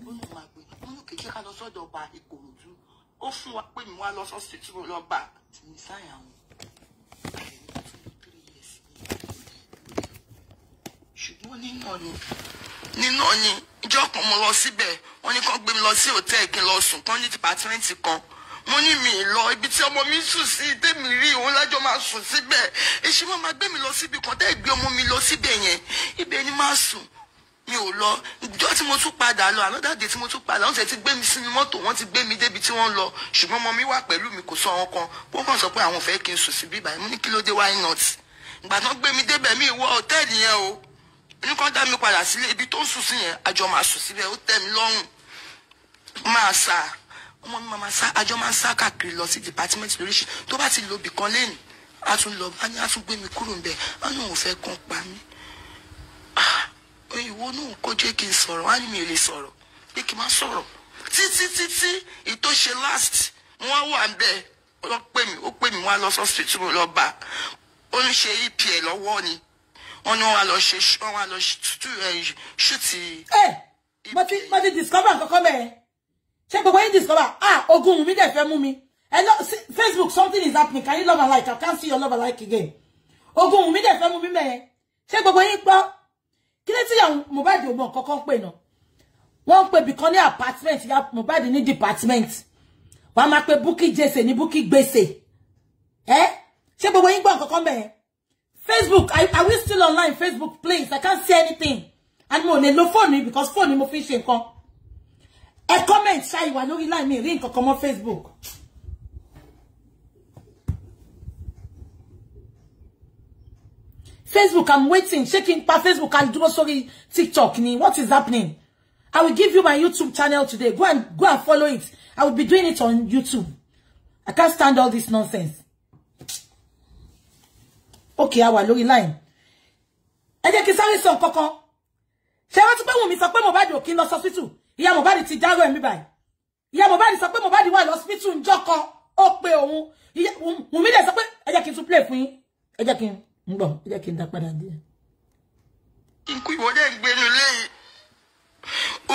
mo ní kí jẹ́ ká lọ sọ́dọ̀ ọba ìkòròdú ó fún wa pé mi wá lọ sọ́sì tí mo lọ bá tìmí sáyà wọn. ṣùgbọ́n nínú ni nínú ni ọjọ́ kan mo lọ síbẹ̀ wọ́n ní kán gbé mi lọ sí hòtẹ́ẹ̀lì kí n lọ sùn kán ní dìpátímẹ́ǹtì kan mo ní mi lọ ibi tí ọmọ mi sùn sí tèmi rí òun lájọ máa sùn síbẹ̀ èsì máa gbé mi lọ síbi kan tẹ́ gbé ọmọ mi lọ síbẹ̀ yẹn ibẹ̀ ni máa sùn mi ò lọ ìjọ tí mo tún padà lọ another day tí mo tún padà wọ́n ti gbé mi sínú mọ́tò wọ́n ti gbé mi débi tí wọ́n lọ ṣùgbọ́n ọmọ mi wà pẹ̀lú mi kò sọ ọ̀hún kan wọ́n kàn sọ pé àwọn ò fẹ́ kí n sùn síbí báyìí mo ní kí ló dé why not ìgbà tán gbé mi débẹ̀ mi ìwọ hòtẹ́ẹ̀lì yẹn o nǹkan dá mi padà sílé ibi tó ń sùn sí yẹn àjọ máa sùn síbẹ̀ ó tẹ̀ mí lọ́rùn máa sà ọmọ mi máa sá àjọ máa sá káàkiri lọ sí department lóríṣi tó bá ti lo bìkan lẹ́nu a tún lọ bá ní a tún gbé mi kúrò ń bẹ̀ wọn ní òun fẹ́ kan pa mí ah, ìwọ náà kó jẹ́ kí n sọ̀rọ̀ wọn ní mi lè sọ̀rọ̀ pé kí n má sọ̀rọ̀ títí títí ìtòṣe last wọn wà ń bẹ̀ ó pè mí ó pè mí wọn lọ sọ́sítì tí ó ń ṣe epa lọ́wọ́ ni wọn ni wọn wá lọ ṣe wọn wá lọ tútù ẹ ṣùtì. ẹ discover nǹkan kan bẹ́ẹ̀ ṣé gbogbo yín discover ah ogun mi dẹ̀ fẹ́ mú mi facebook something is happening can you love and like i can't see your love and like again ogun mi dẹ̀ fẹ́ mú mi bẹ́ẹ̀ ṣé gbogbo yín gbọ́ kí ló ti yàwó Mohbad ò mọ nǹkan kan pè náà wọ́n ń pè bìkan apartment ya Mohbad ní department wọ́n á máa pe Bukky jese ní Bukky gbèsè ẹ ṣé gbogbo yín gbọ́ nǹkan kan bẹ́ẹ̀ Facebook, are, are we still online? Facebook, please. I can't see anything. And mo ne lo phone mi because phone ni mo fi ṣe nǹkan. comment say ìwà lórí line mi rí nǹkan kan mọ́ Facebook. Facebook, I'm waiting. checking kí pa Facebook and dúró sorry, TikTok ni. What is happening? I will give you my YouTube channel today. Go and go and follow it. I will be doing it on YouTube. I can't stand all this nonsense okay a wà lórí line ẹ jẹ́ kí sáré sọ nǹkankan ṣé wọ́n ti pé Wùnmí sọ pé Mohbad ò kí lọ hospital ìyá Mohbad ti jaro ẹ̀ mi báyìí ìyá Mohbad sọ pé Mohbad wà lọ hospital ńjọ́ kan ó pé òun Wùnmí dẹ̀ sọ pé ẹ jẹ́ kí tún play fún yín ẹ jẹ́ kí n gbọ́ ẹ jẹ́ kí n dá padà díẹ̀ ikú ìwọlé ìgbénu lẹ́yìn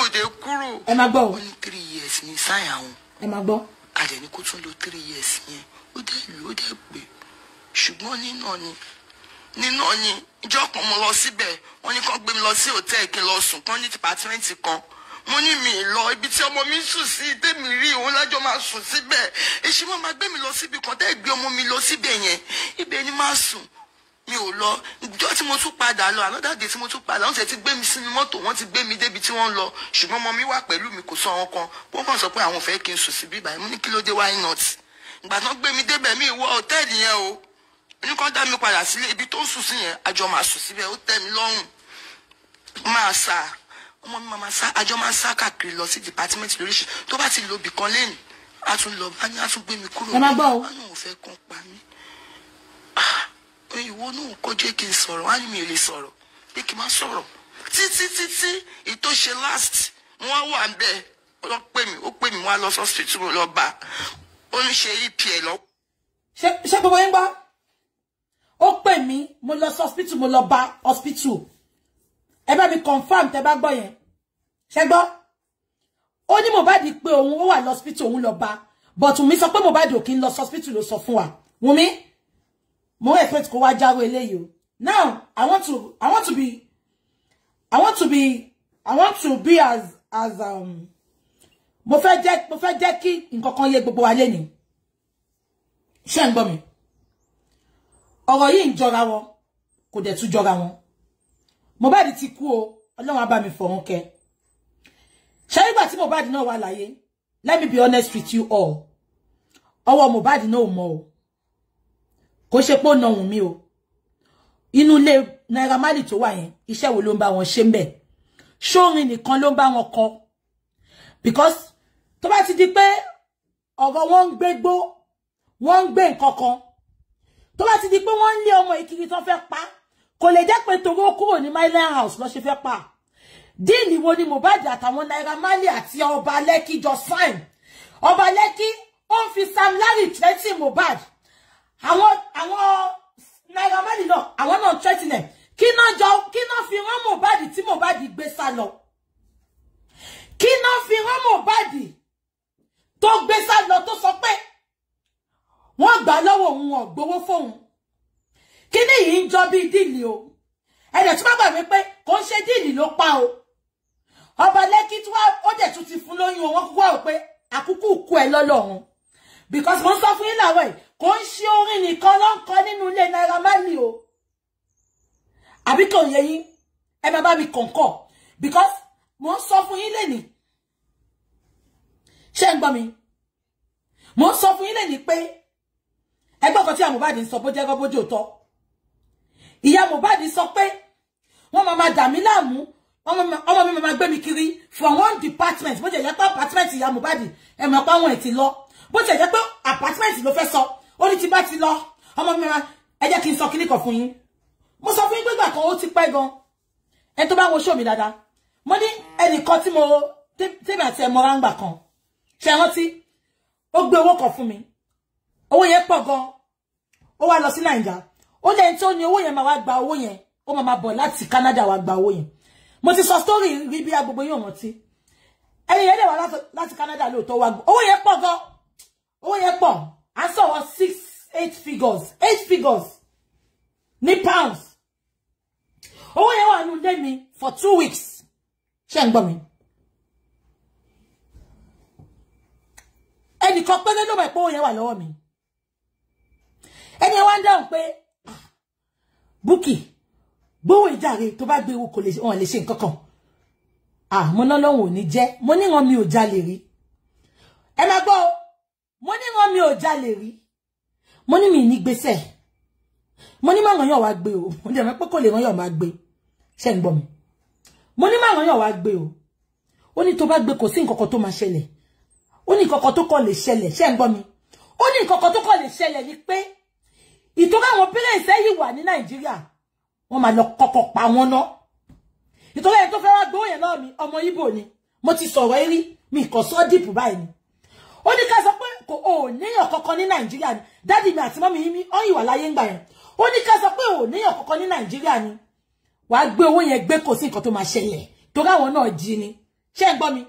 òde kúrò. ẹ máa three years ní sáyà wọn. ẹ máa ni kó lo three years yẹn ó dẹ́ lò ó dẹ́ ṣùgbọ́n nínà ni nínà ni ìjọ kan mo lọ síbẹ̀ wọ́n ní kán gbé mi lọ sí hòtẹ́ẹ̀lì kí n lọ sùn kán ní dìpátímẹ́ǹtì kan mo ní mi lọ ibi tí ọmọ mi sùn sí tèmi rí òun lájọ́ máa sùn síbẹ̀ èsì wọn máa gbé mi lọ síbi kan tẹ́ẹ̀ gbé ọmọ mi lọ síbẹ̀ yẹn ibẹ̀ ni máa sùn mi ò lọ ìjọ́ tí mo tún padà lọ another day tí mo tún padà wọ́n ti ti gbé mi sínú mọ́tò wọ́n ti gbé mi débi tí wọ́n ń lọ ṣùgbọ́n ọmọ mi wà pẹ̀lú mi kò sọ àwọn kan wọ́n kàn sọ pé àwọn fẹ́ kí n sùn síbí báyìí mo ní kí ló dé why not ìgbà tán gbé mi débẹ̀ mi ìwọ hòtẹ́ẹ̀lì yẹn o ní kàn dá mi padà sílé ibi tó ń sùn sí yẹn àjọ máa sùn síbẹ̀ ó tẹ́ mi lọ́rùn máa sá ọmọ mi máa sá àjọ máa sá káàkiri lọ sí dìpátímẹ́ǹtì lóríṣi tó bá ti lo ibì lẹ́nu a tún lọ bá ní a tún gbé mi kúrò wọn ò fẹ́ kan pa mí ah, ìwọ náà kò jẹ́ kí n sọ̀rọ̀ wọn ní mi ò lè sọ̀rọ̀ pé kí n má sọ̀rọ̀ títí títí ìtòṣe last wọn wà ń bẹ ọ pè mí ó pè mí wọn lọ sọ́sítì tí mo lọ bá ó ń ṣe epa lọ. ṣé gbogbo yín gbọ́ ó pè mí mo lọ hospital mo lọ bá hospital ẹ bá mi confirm tẹ́ bá gbọ́ yẹn ṣé gbọ́ ó ní Mohbad pé òun ó wà lọ hospital òun lọ bá but Wùnmí sọ pé Mohbad ò kí ń lọ hospital ló sọ fún wa Wùnmí mo expect kó wá jáwọ́ eléyìí o now i want to i want to be i want to be i want to be as as um mo fẹ́ jẹ́ mo fẹ́ jẹ́ kí nǹkan kan yé gbogbo wa leni ṣé ń gbọ́ mi ọ̀rọ̀ yìí ń jọra wọn kò dẹ̀ tún jọra wọn Mohbad ti kú o Ọlọ́run á bá mi fọ̀run kẹ́ ṣé nígbà tí Mohbad náà wà láyé let me be honest with you all ọwọ́ Mohbad náà ò mọ o kò ṣe pé ó na òun mi o inú ilé Naira Marley tó wà yẹn iṣẹ́ wo ló ń bá wọn ṣe ń bẹ̀ ṣórin nìkan ló ń bá wọn kọ because tó bá ti di pé ọ̀rọ̀ wọn ń gbégbó wọ́n ń gbé nǹkan kan tó bá ti di pé wọ́n ń lé ọmọ ìkiri tán fẹ́ pa kò lè jẹ́ pé torí ó kúrò ní myland house lọ́ ṣe fẹ́ pa díìlì wo ni Mohbad àtàwọn Naira Marley àti ọba Lẹ́kì jọ sign ọba Lẹ́kì ó ń fi Sam Larry threaten Mohbad àwọn àwọn Naira Marley náà àwọn náà threaten ẹ̀ kí náà jọ kí náà fi rán Mohbad tí Mohbad gbé sá lọ kí náà fi rán Mohbad tó gbé sá lọ tó sọ pé wọ́n gbà lọ́wọ́ òun wọn gbowó fóun kíní yìí ń jọ bíi díìlì o ẹ̀dẹ̀ tí wọ́n gbà wípé kò ń ṣe díìlì ló pa o ọba lẹ́kí tí wọ́n ó dẹ̀ tún ti fún lóyún owó kúkú àwọn pé àkúkú kú ẹ lọ́lọ́run because mo ń sọ fún yín làwọn yìí kò ń ṣe orin nìkan ló ń kọ nínú ilé Naira Marley o àbí kò yẹ yín ẹ máa bá mi kọ̀ǹkọ̀ because mo ń sọ fún yín lénìí ṣé ń gbọ́ mi mo ń sọ fún yín lénìí pé ẹgbẹ́ ọkọ̀ tí ìyá Mohbad ń sọ bó jẹ́ gọ́ bójú òótọ́ ìyá Mohbad sọ pé wọ́n máa máa dà mí láàmú ọmọ mi máa gbé mi kiri from one department bó jẹ́ jẹ́ pé apartment ìyá Mohbad ẹ̀ mọ̀ pé àwọn ẹ̀ ti lọ bó jẹ́ jẹ́ pé apartment ló fẹ́ sọ ó ní ti bá ti lọ ọmọ mi máa ẹ jẹ́ kí n sọ kíní kan fún yín mo sọ fún yín pé kan ó ti pẹ́ gan ẹ tó bá wo show mi dáadáa mo ní ẹnìkan tí mo tèmi àti ẹ̀ mọ́ra ń gbà kan ṣe rántí ó gbé owó kan fún mi owó yẹn pọ̀ gan ó wá lọ sí naija ó jẹ́ tí ó ní owó yẹn máa wá gba owó yẹn ó máa bọ̀ láti Canada wá gba owó yẹn mo ti sọ story rí bí agbègbè yóò rántí ẹni yẹn dẹ̀ wá láti Canada lóòótọ́ wá owó yẹn pọ̀ gan owó yẹn pọ̀ à ń sọ̀rọ̀ six eight figures eight figures ní pounds owó yẹn wa nínú ilé mi for two weeks ṣé ń gbọ́ mi. ẹnìkan péré ló mọ̀ pé owó yẹn wà lọ́wọ́ mi ẹni ẹ wá ń dáhùn pé ah, Bukky gbóhùn ìjàre tó bá gbé ewu kò lè wọn lè ṣe nǹkan kan àmọ́ ah, náà lọ́hùn ò ní jẹ́ mo ní wọn mi ò jalè rí ẹ máa gbọ́ mo ní wọn mi ò jalè rí mo ní mi ní gbèsè mo ní màrán yàn wá gbé o mo dẹ̀ mọ̀ pé kò lè rán yàn máa gbé ṣe ń gbọ́ mi mo ní màrán yàn wá gbé o ó ní tó bá gbé kò sí nǹkan kan tó máa ṣẹlẹ̀ ó ní nǹkan kan tó kọ̀ lè ṣẹlẹ̀ ṣe ń gbọ́ mi ó ní nǹkan kan tó kọ̀ lè ṣẹlẹ̀ ni pé ìtọ́ka àwọn pílẹ̀nsì yìí wà ní nàìjíríà wọ́n máa lọ kọ́kọ́ pa wọ́n ná ìtọ́ka ẹni tó fẹ́ wá gbóhùn yẹn lọ́wọ́ mi ọmọ ibo ni mo ti sọ̀rọ̀ ẹ rí mi kò sọ dìpù báyìí ni ó ní ká sọ pé kò ò níyàn kankan ní nàìjíríà ni dádì mi àti mọ́mí mi ọ́n ìwà láyé ń gbà yẹn ó ní ká sọ pé ò níyàn kankan ní nàìjíríà ni wàá gbé owó yẹn gbé kò sí nǹkan tó máa ṣẹlẹ̀ torí àwọn náà jí ni ṣé ń gbọ́ mi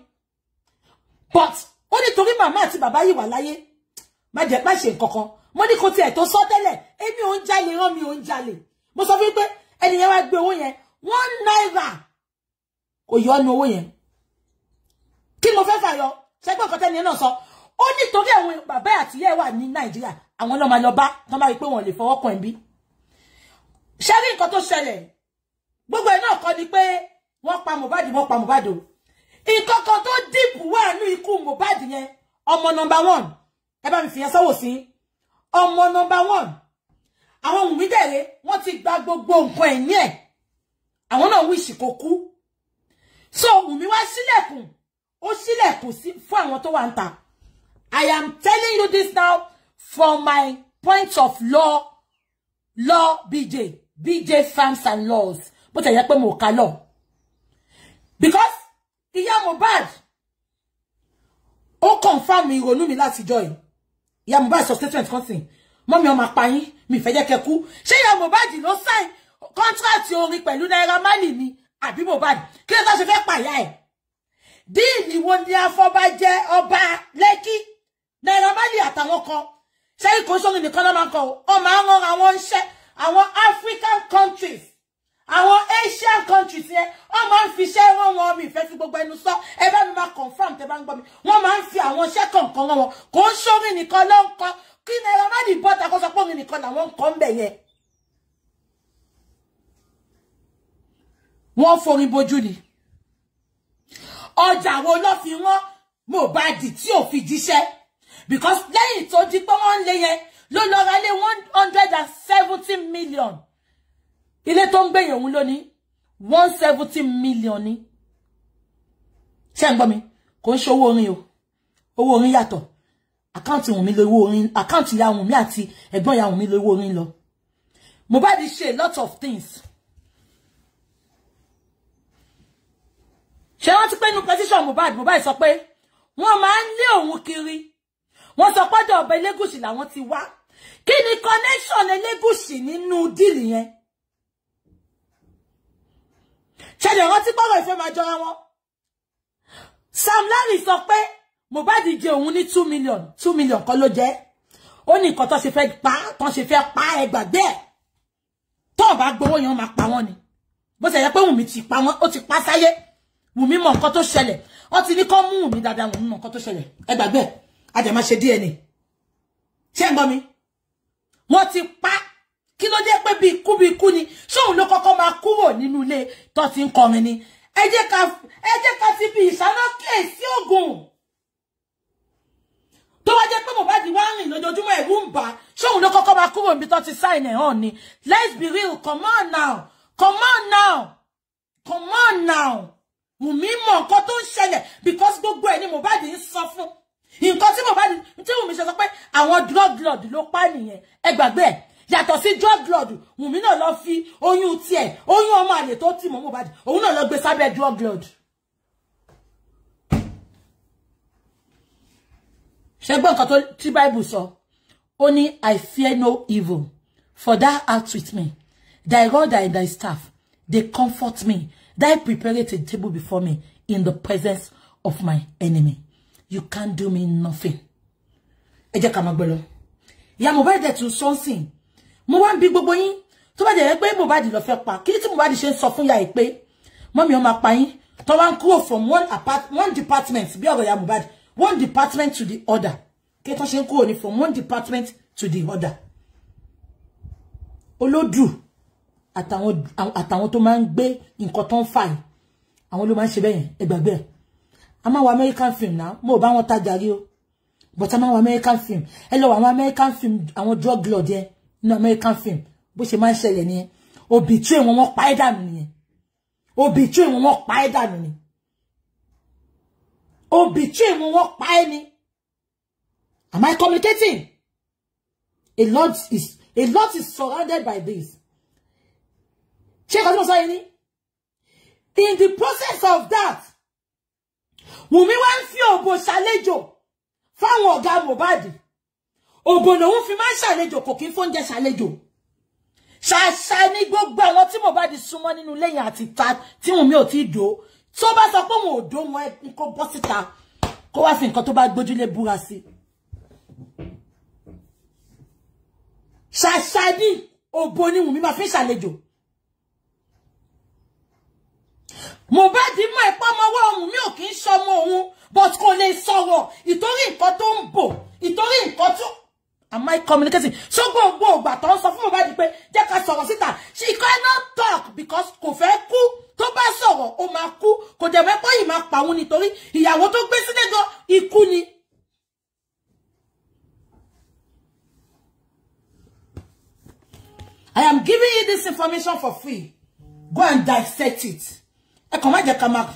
but ó ní torí màmá àti bàbá yìí wà láyé má jẹ́ má ṣe nǹkan kan mo ní kò tiẹ̀ tó sọ tẹ́lẹ̀ èmi ò ń jalè rán mi ò ń mo sọ fún pé ẹnìyẹn wá gbé owó yẹn one naira kò yọ ọ́nu owó yẹn kí mo fẹ́ fàyọ ṣẹgbẹ́ ọ̀kan tẹ́niyẹn náà sọ ó ní torí àwọn bàbá àtìyẹ́ wà ní nàìjíríà àwọn náà máa lọ bá tán bá rí pé wọn lè fọwọ́ kan ẹ̀bí ṣé rí nǹkan tó ṣẹlẹ̀ gbogbo ẹ̀ náà kọ́ ni pé wọ́n pa Mohbad wọ́n pa Mohbad o nǹkan kan tó dìbò wà nínú ikú Mohbad yẹn ọmọ nọmba one e ba mi fìyẹn sọ́wọ́ sí i ọmọ number one àwọn Wùmí dẹ̀rẹ̀ wọ́n ti gba gbogbo nǹkan ẹ̀ní ẹ̀ àwọn náà wish kó kú so Wùmí wá sílẹ̀kùn ó sílẹ̀kùn fún àwọn tó wà ń ta I am telling you this now from my point of law law BJ BJ farms and laws But tẹ̀ yẹ pé mo kà lọ because ìyá Mohbad ó confirm confam ìrònú mi látijọ́ yìí ìyá Mohbad sọ statement kan sìn mọ́mí ọmọ apá yín mi ìfẹ́ jẹ́ kẹkú ṣé ìyá Mohbad ló sign kọ́ńtíráàtì orin pẹ̀lú Naira Marley ni àbí Mohbad kí ló tó ṣe fẹ́ pàyà ẹ̀ díìlì wo ni afọbajẹ ọba Lẹ́kì Naira Marley àtàwọn kan ṣé ìkóṣórin nìkan náà máa ń kọ ọ máa ń rán àwọn iṣẹ́ àwọn African countries Our asian countries yẹn wọ́n man fisher fi iṣẹ́ rán wọn mi ìfẹ́ fi gbogbo ẹnu sọ ẹ bá mi máa confam tẹ bá ń gbọ́ mi wọ́n máa ń fi àwọn iṣẹ́ kọ̀ọ̀kan rán wọn kò ń sórí nìkan ló ń kọ kí náírà má ní bọ́ta kó sọ pé òun nìkan làwọn ń kọ́ ń bẹ̀ yẹn. wọ́n forí bojú ni bota ko so pe oun nikan lawon n ko n be yen won fori ni oja wo ló fi rán Mohbad tí ò fi jíṣẹ́ because lẹ́yìn tó di pé wọ́n ń lé yẹn ló lọ ra lé one hundred and seventy million. ilé tó ń gbẹ̀yìn òun ló one seventy million ní ṣé ń gbọ́ mi kò ń ṣe owó orin o owó orin yàtọ̀ àkáǹtì Wùnmí lówó orin àkáǹtì ìyá Wùnmí àti ẹ̀gbọ́n ìyá Wùnmí lówó orin lọ Mohbad ṣe a lot of things ṣé wọ́n ti pé inú petition Mohbad Mohbad sọ pé wọ́n máa ń lé òun kiri wọ́n sọ pọ́dọ̀ ọba Elégùṣì làwọn ti wá kí ni connection Elégùṣì nínú díìlì yẹn ṣẹlẹ̀ rántí pọ̀rọ̀ ìfẹ́ máa jọra wọn Sam Larry sọ pé Mohbad jẹ òun ní two million two million kọ́ ló jẹ́ ó ní nǹkan tó ṣe fẹ́ pa tó ṣe fẹ́ pa ẹ gbàgbé ẹ̀ tó bá gbowó yẹn máa pa wọ́n ni bó ṣe yẹ pé Wùmí ti pa wọ́n ó ti pa sáyé Wùmí mọ nǹkan tó ṣẹlẹ̀ wọ́n ti ní kó mú Wùmí dáadáa Wùmí mọ nǹkan tó ṣẹlẹ̀ ẹ gbàgbé ẹ̀ a dẹ̀ máa ṣe DNA ṣé ń gbọ́ mi wọ́n ti pa kí ló jẹ́ pé bí ikú bí ikú ni ṣóun ló kọ́kọ́ máa kúrò nínú ilé tó ti kọrin ni ẹ jẹ́ ká ẹ jẹ́ ká ti fi ìṣáná kíyèsí ògùn tó wá jẹ́ pé Mohbad wá rìn lójoojúmọ́ ẹ̀rú ń bà ló kọ́kọ́ máa kúrò níbi tó ti sign ẹ̀ hàn ni let's be real come on now come on now come on now Wùmí mọ̀ nǹkan tó ń ṣẹlẹ̀ because gbogbo ẹ̀ ni Mohbad ń sọ fún nǹkan tí Mohbad tí Wùmí ṣe sọ pé àwọn drug lord ló pa nìyẹn ẹ gbàgbé yàtọ̀ sí drug lord Wùnmí náà lọ fi oyún tiẹ̀ oyún ọmọ àlè tó tì mọ́ lọ gbé sábẹ́ drug lord. tí bible sọ ó i fear no evil for that art with me thy rod and thy staff they comfort me thy prepared a table before me in the presence of my enemy you can't do me nothing. ẹ jẹ́ ká máa gbé lọ ìyá dẹ̀ tún mo wá ń bi gbogbo yín tó bá jẹ́ pé Mohbad ló fẹ́ pa kí ni tí Mohbad ṣe ń sọ fún ya ẹ̀ pé mọ́mí ọmọ apá yín tó wá ń from one apart one department bí ọ̀rọ̀ ya Mohbad one department to the other kí tó ṣe ń kúrò from one department to the other Olodu. àtàwọn àtàwọn tó máa ń gbé nǹkan fine. ń fà yìí àwọn ló máa ń ṣe bẹ́yẹn American film náà mo bá wọn tajà o but ama máa American film ẹ lọ wo American film àwọn drug lord yẹn No, American film bó ṣe máa ń ṣẹlẹ̀ nìyẹn ó betray wọn wọ́n pa ẹ́ dànù nìyẹn ó betray wọn wọ́n pa ẹ́ dànù ni ó betray wọn wọ́n pa ni am I communicating a lot is a lot is surrounded by this Check, kọ́ni mo sọ yẹn ni in the process of that Wùmí wá ń fi òbò ṣàlejò fáwọn ọ̀gá Mohbad òbò lòun fi máa ń ṣàlejò kò kí ń fóúnjẹ ṣàlejò ṣàṣà ni gbogbo àwọn tí Mohbad súnmọ́ nínú lẹ́yìn àti ta tí wọn mi ò tí ì dò tó bá sọ pé wọn ò dó wọn kó bọ́ síta kó wá fi nǹkan tó bá gbójúlé búra sí ṣàṣà ni òbò ni wọn mi máa fi ń ṣàlejò Mohbad mọ ẹpọ ọmọwọ ọhún mi ò kì í ṣọmọ òun but kò lè sọ̀rọ̀ ìtorí nǹkan tó ń bò ìtorí nǹkan tó Am I communicating? So go go but tó ń sọ the Mohbad pé jẹ́ ká sọ̀rọ̀ She cannot talk because kò fẹ́ kú. Tó bá sọ̀rọ̀ ó máa kú. Kò jẹ́ pé yìí máa pa wọ́n nítorí ìyàwó tó gbé sílé gan ikú ni. I am giving you this information for free. Go and dissect it. Ẹ kàn má jẹ́ ká máa.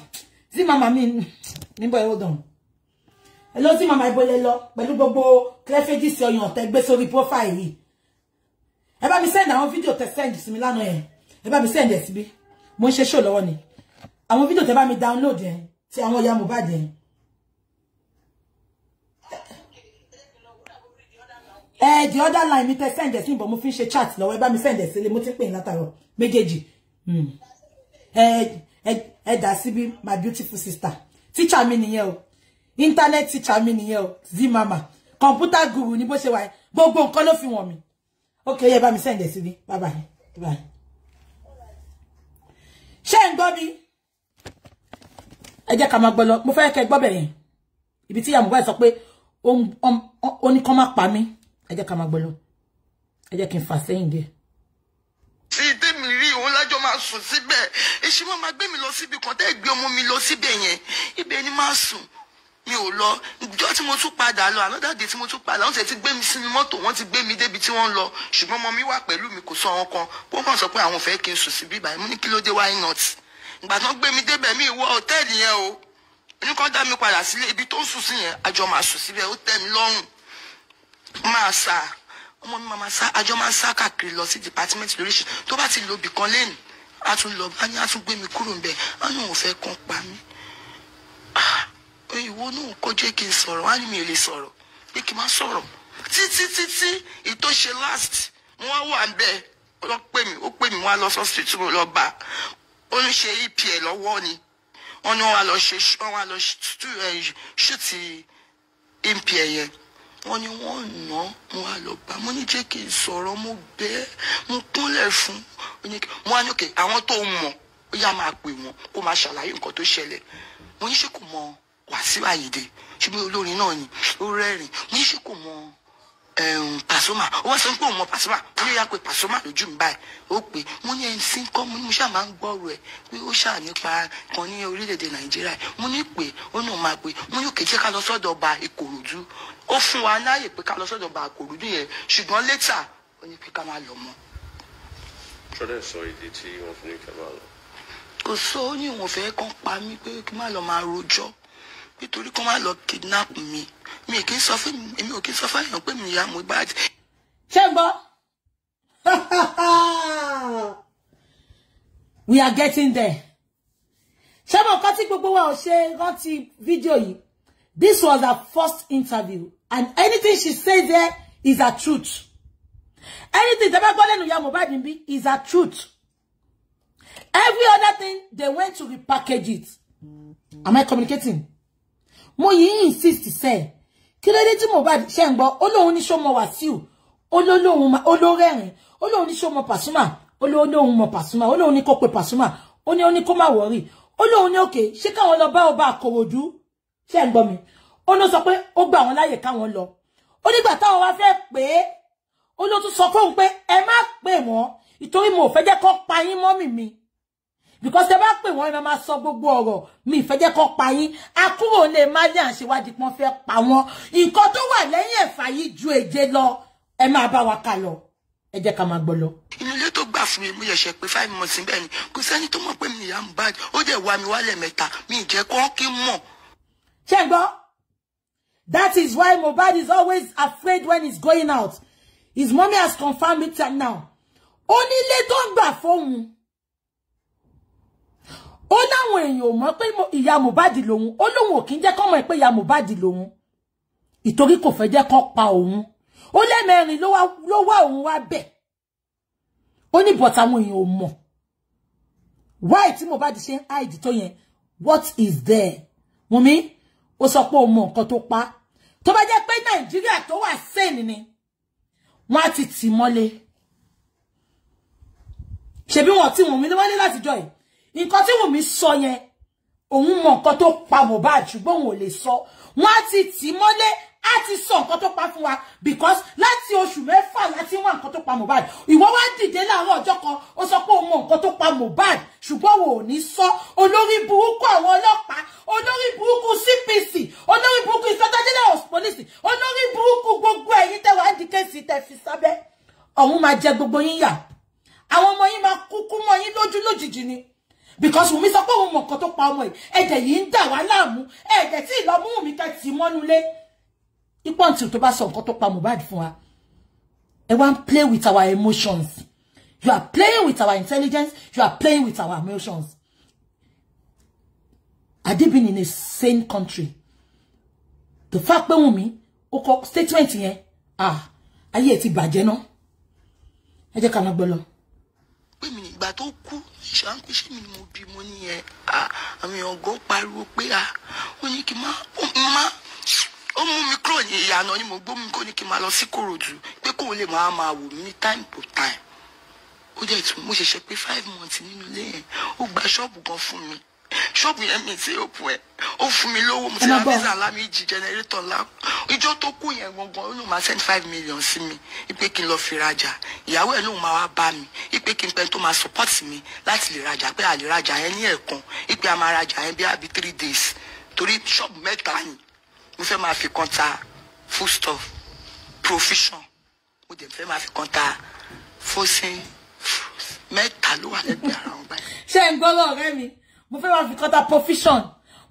See mama mi. Níbo hold on ẹ lọ sí màmá ìbọlẹ lọ pẹ̀lú gbogbo clefagis ọyàn tẹ́ gbé sórí profile yìí ẹ bá mi send àwọn video. tẹ́ send sí mi lánàá yẹn ẹ bá mi send ẹ síbí mo ń show lọ́wọ́ ni àwọn video. tẹ́ bá mi download yẹn ti àwọn ìyá Mohbad yẹn. ẹ di other line mi tẹ́ send ẹ sí ìbọn mo fi ń chat lọ́wọ́ ẹ bá mi send ẹ sílé mo ti ń pè yín látàrọ méjèèjì hmm. ẹ ẹ dà síbí my beautiful sister teacher mi nìyẹn o internet teacher mi nìyẹn o zi mama computer guru ni bo se wa, gbogbo nǹkan ló fi wọ̀n mi okay yẹ ba mi send e sí ni bye bye bye ṣé ń gbọ́ mi ẹ jẹ́ ká máa gbọ́ lọ mo fẹ́ kẹ́ gbọ́ bẹ̀ yẹn ibi tí yamuba sọ pé ó ní kán má pa mí ẹ jẹ́ ká máa gbọ́ lọ ẹ jẹ́ kí n fà sẹ́yìn díẹ̀. sí tèmi síbẹ̀ èsì wọn máa gbé mi lọ síbi kan tẹ́ gbé ọmọ mi lọ síbẹ̀ yẹn ibẹ̀ ni máa sùn mi ò lọ ìjọ tí mo tún padà lọ another day tí mo tún padà wọ́n ti ti gbé mi sínú mọ́tò wọ́n ti gbé mi débi tí wọ́n lọ ṣùgbọ́n ọmọ mi wà pẹ̀lú mi kò sọ ọ̀hún kan ó kàn sọ pé àwọn fẹ́ kí n sùn sí bíbá mo ní kí ló dé why not ìgbà tí wọ́n gbé mi débẹ̀ mi ìwọ hòtẹ́ẹ̀lì yẹn o oníkan dá mi padà sílé ibi tó ń sùn sí yẹn àjọ máa sùn síbẹ̀ ó tẹ́ mi lọ́rùn máa sà ọmọ mi máa sá àjọ máa sá káàkiri lọ sí department lóríṣi tó bá ti lo ibìkan lẹ́nu a tún lọ bá ní a tún gbé mi kúrò ń bẹ̀ á ní òun fẹ́ kan pa mí. Ah pé ìwọ náà kó jẹ́ kí n sọ̀rọ̀ wọ́n ní mi ò lè sọ̀rọ̀ pé kí n má sọ̀rọ̀ títí títí ìtò ṣe last mo wá wà bẹ́ẹ̀ ó pè mí ó pè mí wá lọ sọ́sì tí mo lọ bá ó ń ṣe epa lọ́wọ́ ni wọ́n ní wọ́n wá lọ ṣe wọ́n wá lọ ṣùtì epa yẹn wọ́n ní wọ́n nà án mo lọ bá mo ní jẹ́ kí n sọ̀rọ̀ mo bẹ́ẹ̀ mo kúnlẹ̀ fún mo wá ní òkè àwọn tó mọ̀ ó yá máa pè wọ́n kó máa ṣàlàyé nǹkan tó ṣẹlẹ̀ mo ní ṣe kò mọ̀ ọ́. Wàsíù Àyìndé ṣùgbọ́n olórin náà ni ó rẹ́rìn mo ṣe kò mọ Pasuma ó wá sọ pé òun mọ Pasuma ó ní ìyá pé Pasuma lójú mi báyìí ó pè mo ní ẹni sí kọ́ mo ní mo ṣáà máa ń gbọ́rọ̀ ẹ̀ pé ó ṣáà nípa kan ní orílẹ̀-èdè Nàìjíríà mo ní pé ó náà máa pè mo ní òkè jẹ́ ká lọ sọ́dọ̀ ọba Ìkòròdú ó fún wa láàyè pé ká lọ sọ́dọ̀ ọba Ìkòròdú yẹn ṣùgbọ́n létà ó ní pé ká máa lọ mọ́. ṣọlá sọ èdè tí wọn fi ní kí lọ. kò sóyún wọn fẹ́ kán pa mí pé kí má lọ máa rojọ́. nítorí come má lọ kidnap me. Me kì suffer. Me fún mi èmi ò kì me sọ fáyàn pé mi ìyá <laughs> we are getting there ṣé mo kọ́ tí gbogbo wa ò ṣe rántí this was her first interview and anything she said there is a truth anything tẹ́ bá gbọ́ lẹ́nu ìyá Mohbad is a truth every other thing they went to repackage it am I communicating. mo yìí insist sẹ́ kí ló dé tí Mohbad ṣe ń gbọ́ ó lóun ní ṣọmọ Wàsíù olórẹ́rìn ó lóun ní ṣọmọ Pasuma ó lóun mọ Pasuma ó lóun ní kó pe Pasuma ó ní ó ní kó má ni ó lóun ní òkè ṣé káwọn lọ bá ọba Àkòròdú ṣe ń gbọ́ mi ó ló sọ pé ó gbà wọn láàyè káwọn lọ ó nígbà táwọn wá fẹ́ pé ó ló tún sọ fóun pé ẹ má pè wọ́n ìtorí mo ò fẹ́ jẹ́ pa yín mọ́mì mi. mi because tẹ́ bá pè wọ́n ná máa sọ gbogbo ọ̀rọ̀ mi fẹ́ jẹ́ kó pa yín akúrò lè má lè àṣẹ wádìí pọ́n fẹ́ pa wọ́n nǹkan tó wà lẹ́yìn ẹ̀fà yìí ju eje lo ẹ máa bá wa kà lọ ẹ jẹ́ ká máa gbọ́ lọ. ìmọ̀lẹ́ tó gbà fún mi mo yẹ̀ṣẹ̀ pé five months bẹ́ẹ̀ ni kò sẹ́ni tó mọ̀ pé mi ìyá Mohbad ó je wá mi wálẹ̀ mẹ́ta mi ìjẹ́ kó kí mọ̀. ṣé gbọ́ that is why Mohbad is always afraid when he's going out his mommy has confirmed it now Only tó ń gbà fóun ó láwọn èèyàn ò mọ̀ pé ìyá Mohbad lòun ó lóun ò kí ń jẹ́ kọ́ mọ̀ pé ìyá Mohbad lòun ìtorí kò fẹ́ jẹ́ kọ́ pa òun ó lẹ́mẹ̀rin ló wá òun wá bẹ̀ ó ní bọ̀t àwọn èèyàn ò mọ̀ why tí Mohbad ṣe ń hide tó yẹn what is there Wùnmí ó sọ pé ó mọ̀ nǹkan tó pa tó bá jẹ́ pé Nàìjíríà tó wà sẹ́ẹ̀nì ni wọ́n á ti tì mọ́lé ṣebí wọn tí Wùnmí ni wọ́n ní látijọ́ yìí nǹkan tí Wùmí sọ yẹn òun mọ nǹkan tó pa Mohbad ṣùgbọ́n ò lè sọ wọ́n á ti tì mọ́lé á ti sọ nǹkan tó pa fún wa because láti oṣù mẹ́fà láti wá nǹkan tó pa Mohbad ìwọ wá dìde láàárọ̀ ọjọ́ kan ó sọ pé òun mọ nǹkan tó pa Mohbad ṣùgbọ́n òun ò ní sọ olórí burúkú àwọn ọlọ́pàá olórí burúkú CPC olórí burúkú inspector general police olórí burúkú gbogbo ẹ̀yin tẹ́ wàá di kéèsì tẹ́ fi sábẹ́ ọ̀hún máa jẹ gbogbo yín yà àwọn ọmọ yín máa kúkú mọ́ yín lójú lójijì ni because Wùmí sọ pé òun mọ̀ nǹkan tó pa ọmọ ẹ̀ ẹ̀jẹ̀ yìí ń dà wá láàmú ẹ̀jẹ̀ tí ìlọ mú Wùmí kẹ́ tì mọ́nulé ipọ́n tí tó bá sọ nǹkan tó pa Mohbad fún wa ẹ wá ń play with our emotions you are playing with our intelligence you are playing with our emotions had they been in a sane country the fact pé Wùmí ó kọ statement yẹn ah ayé ẹ ti bàjẹ́ náà ẹ jẹ́ ká lọ gbọ́ pè mí nígbà tó kú ṣáńpé ṣé mi ni mo bí mo nìyẹn àwọn èèyàn gan pariwo pé à ó ní kí n má má ó mú mi kúrò ní ìyànà ni mo gbómi kó ní kí n máa lọ sí Kòròdú pé kóun lè máa máa wò mí ní time to time ó dẹ̀ tún mo ṣẹ̀ṣẹ̀ pé five months nínú ilé yẹn ó gba ṣọ́ọ̀bù gan fún mi. Shop yẹn mi ti òpó ẹ̀ ó fún mi lówó mo ti ra visa ńlá mi jì jẹnẹrétọ̀ ńlá ìjọ tó kù yẹn gangan ó lóun máa send five million sí mi ipe kí n lọ fi rajà ìyàwó ẹ̀ lóun máa wá bá mi ipe kí n pẹ́ tó máa support mi láti lè rajà pé àlè rajà yẹn ní ẹ̀ẹ̀kan ipe a máa rajà yẹn bí àbí three days torí Shop mẹ́ta yìí mo fẹ́ máa fi kan ta foodstuff provision mo dẹ̀ fẹ́ máa fi kan ta fosin mẹ́ta ló wà lẹ́gbẹ̀ẹ́ ara wọn báyìí. ṣé ń gbọ́ lọ́ọ̀rẹ́ mi. mo fẹ́ máa fi kọ́ta profession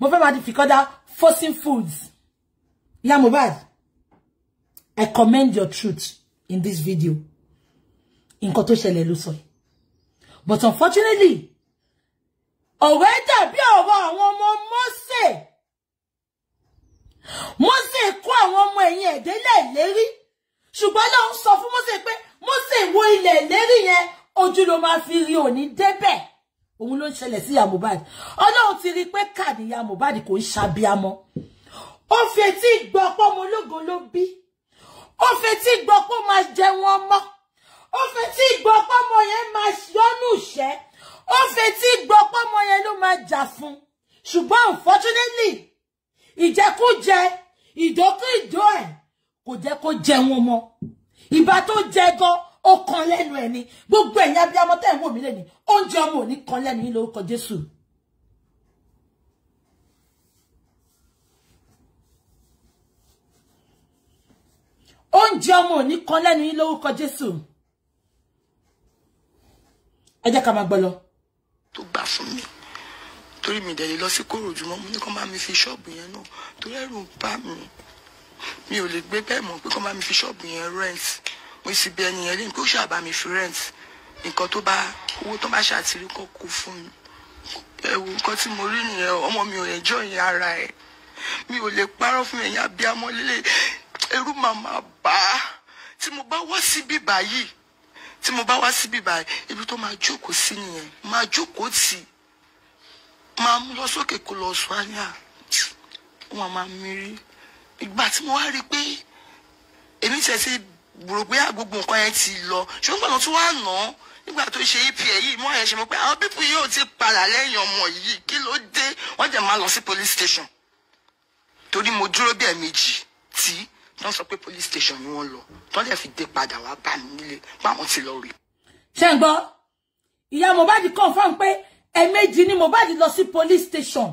mo fẹ́ máa fi kọ́ta forcing foods ya Mohbad I commend your truth in this video In koto ṣẹlẹ̀ ló but unfortunately ọ̀rọ̀ ẹ dàbí ọ̀rọ̀ àwọn ọmọ Mósè Mósè kó àwọn ọmọ ẹ̀yìn ẹ̀dẹ́lẹ̀ lérí ṣùgbọ́n lọ́n sọ fún Mósè pé Mósè wo ilẹ̀ lérí yẹn ojú ló máa fi rí òní débẹ̀. òun ló ń ṣẹlẹ̀ sí ìyá Mohbad ọlọ́run ti rí i pé kà ní ìyá Mohbad kò ń ṣàbíamọ́ ó fetí gbọ́ pọ́ ọmọ ológo ló bí ó fetí gbọ́ pọ́ máa jẹun ọmọ ó fetí gbọ́ ọmọ yẹn máa yọ́nú ìṣẹ́ ó fetí gbọ́ ọmọ yẹn ló máa jà fún ṣùgbọ́n unfortunately ìjẹkújẹ ìdókùn ìdó ẹ̀ kò jẹ́ kó jẹun ọmọ ìbá tó jẹ gan ó kan lẹ́nu ẹ̀ ni gbogbo ẹ̀yin abiyamọ tẹ́ ẹ̀ ń wò mí lẹ́ni oúnjẹ ọmọ ò ní kan lẹ́nu yín lórúkọ Jésù. oúnjẹ ọmọ ò ní kan lẹ́nu yín lórúkọ Jésù. ẹ jẹ́ ká máa gbọ́ lọ. tó mi torí mi dẹ̀ lè lọ sí kóròjú mo ní kó máa mi fi ṣọ́ọ̀bù yẹn náà torí ẹ̀rù ń mi mi ò lè gbé bẹ́ẹ̀ mọ̀ pé kó máa mi fi ṣọ́ọ̀bù yẹn rẹ́ǹtì mo sì bẹ ẹnìyẹn lé kó ṣàbà mi fi rent nǹkan tó bá owó tó bá ṣàtìrí kó kú fún mi ẹwù nǹkan tí mo rí nìyẹn ọmọ mi ò ẹjọ́ yẹn ara ẹ̀ mi ò lè parọ́ fún ẹ̀yin abiyamọ lílé ẹ̀rù màmá bá tí mo bá wá síbí báyìí tí mo bá wá síbí báyìí ibi tó máa jókòó sí nìyẹn máa jókòó tì máa mú lọ sókè kó lọ sùn áyà wọn máa mírí ìgbà tí mo wá rí i pé èmi tẹ̀ rò pé ah, gbogbo nǹkan yẹn ti lọ ṣùgbọ́n ọ̀nà tó wà nà nígbà tó ṣe epa yìí mọ́ ẹ̀ ṣe mọ́ pé àwọn pípù yóò ti padà lẹ́yìn ọmọ yìí kí ló dé wọ́n jẹ̀ máa lọ sí police station torí mo dúró bí ẹ̀ẹ̀mejì tí wọ́n sọ pé police station ni wọ́n lọ tó lè fi dé padà wá bá mi nílé báwọn ti lọ rí. ṣé ń gbọ́ ìyá Mohbad confam pé ẹ̀ẹ̀mejì ni Mohbad lọ sí police station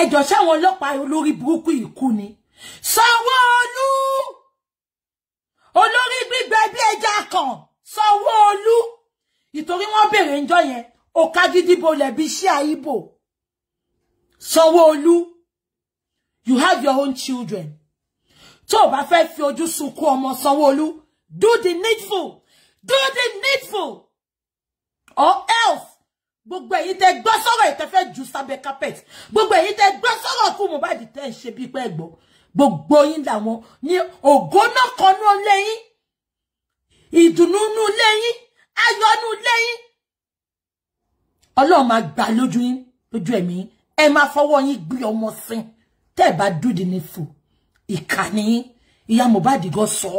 ẹjọ́ ṣáwọn ọlọ́pàá olórí burúkú ìkú ni Sanwó-Olú. kan olu ìtorí wọ́n ńjọ yẹn gidibo Sanwó-Olú you have your own children tó bá fẹ́ fi ojú sunkún Sanwó-Olú do the needful do the needful or else gbogbo èyí tẹ́ gbọ́ sọ̀rọ̀ yìí tẹ́ fẹ́ jù sábẹ́ carpet gbogbo èyí tẹ́ gbọ́ sọ̀rọ̀ kú Mohbad tẹ́ ń ṣe bí pẹ́ gbọ́ gbogbo yín làwọn ní ògo kan ìdùnnú nú lẹ́yìn ayọ̀ nú lẹ́yìn ọlọ́run máa gbà lójú yín lójú ẹ̀mí ẹ máa fọwọ́ yín gbé ọmọ sin tẹ́ ẹ bá dúdì ní fò ìkà ni yín ìyá Mohbad gan sọ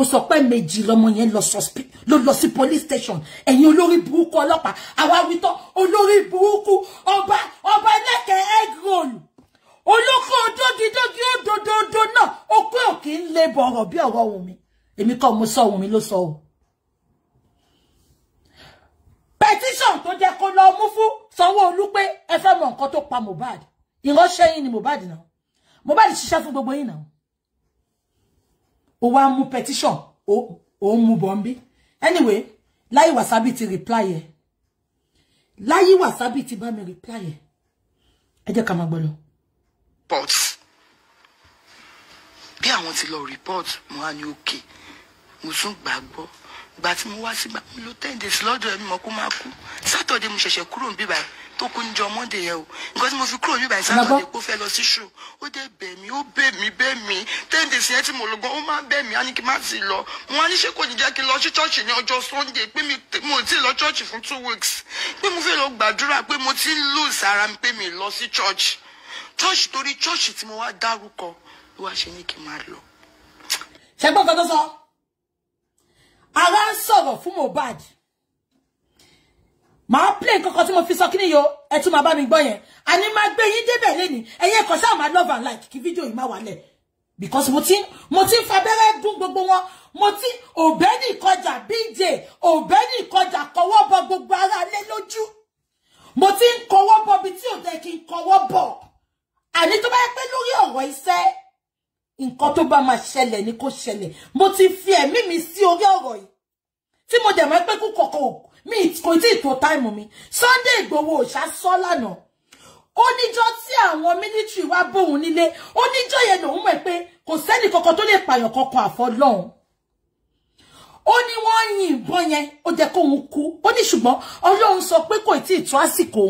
ó sọ pé méjì lọmọ yẹn ló suspect, lọ lo sí police station ẹ̀yin olórí burúkú ọlọ́pàá àwa wítọ olórí buku, ọba ọba ẹlẹkẹ egg roll olóko odódidógi òdòdó náà ó pé òkè ń lè bọ̀rọ̀ bí ọ̀rọ̀ wù mí Emi kọ́ mo sọ Wùnmí ló sọ o petition tó jẹ́ kó lọ mú fún Sanwó-Olú pé ẹ fẹ́ mọ nǹkan tó pa Mohbad ìránṣẹ́ yín ni Mohbad náà Mohbad ṣiṣẹ́ fún gbogbo yín náà ó wá mú petition o o mu bọ́m̀bí anyway Láyí wasabi ti reply ẹ̀ Láyí Wàsábì ti ba mi reply ẹ̀ ẹ jẹ́ ká máa gbọ́ lo report bí àwọn ti lọ report mo á Okay mo tún gbàgbọ́ tí mo wá sígbà mi ló ten days lọ́dọ̀ ẹ̀mí mọ̀ kó máa kú sátọ̀dé mo ṣẹ̀ṣẹ̀ kúrò ń bíbáyìí tó kú níjọ mọ́ndé yẹn o nǹkan tí mo fi kúrò níbàyìí sátọ̀dé kó fẹ́ lọ sí ṣù ó dé bẹ̀ ó bẹ̀ mí ten days yẹn tí mo lò gan ó máa bẹ̀ á ní kí má ti lọ mo á ní ṣé kò ní jẹ́ kí n lọ sí church ní ọjọ́ sunday pé mo ti lọ church fún two weeks pé mo fẹ́ lọ gbàdúrà pé mo ti lose ara mi pé mi lọ sí church church torí church ara ń sọ̀rọ̀ fún Mohbad màá play nǹkankan tí mo fi sọ kí ni yo ẹ tún máa bá mi gbọ́ yẹn àní máa gbé yín débẹ̀ lẹ́ni ẹ̀yẹ ẹ̀kọ́ sáà máa love and like kí fídíò yìí má wà lẹ̀ because mo ti mo ti ń fabẹ́rẹ́ dún gbogbo wọn mo ti òbẹ́ni kọjà bj òbẹ́ni kọjà kọwọ́ bọ gbogbo ara lé lójú mo ti ń kọwọ́ bọ bí tí ò tẹ́ kí n kọwọ́ bọ̀ àní tó bá yẹ pé nǹkan tó ba máa ṣẹlẹ̀ ni kó ṣẹlẹ̀ mo ti fi ẹ̀mí mi sí orí ọ̀rọ̀ yìí tí mo dẹ̀ máa pẹ́ kú kọ̀kọ̀ mi kò tí ì tó táìmù mi Sunday Igboho òṣà sọ lánàá ó níjọ́ tí àwọn mílítìrì wá bóun nílé ó níjọ́ yẹn lòun mọ̀ pé kò sẹ́ni kankan tó lè pààyàn kankan àfọlọ́hún ó ní wọ́n yìnbọn yẹn ó jẹ́ kóun kú ó ní ṣùgbọ́n Ọlọ́run sọ pé kò tí ì tó àsìkò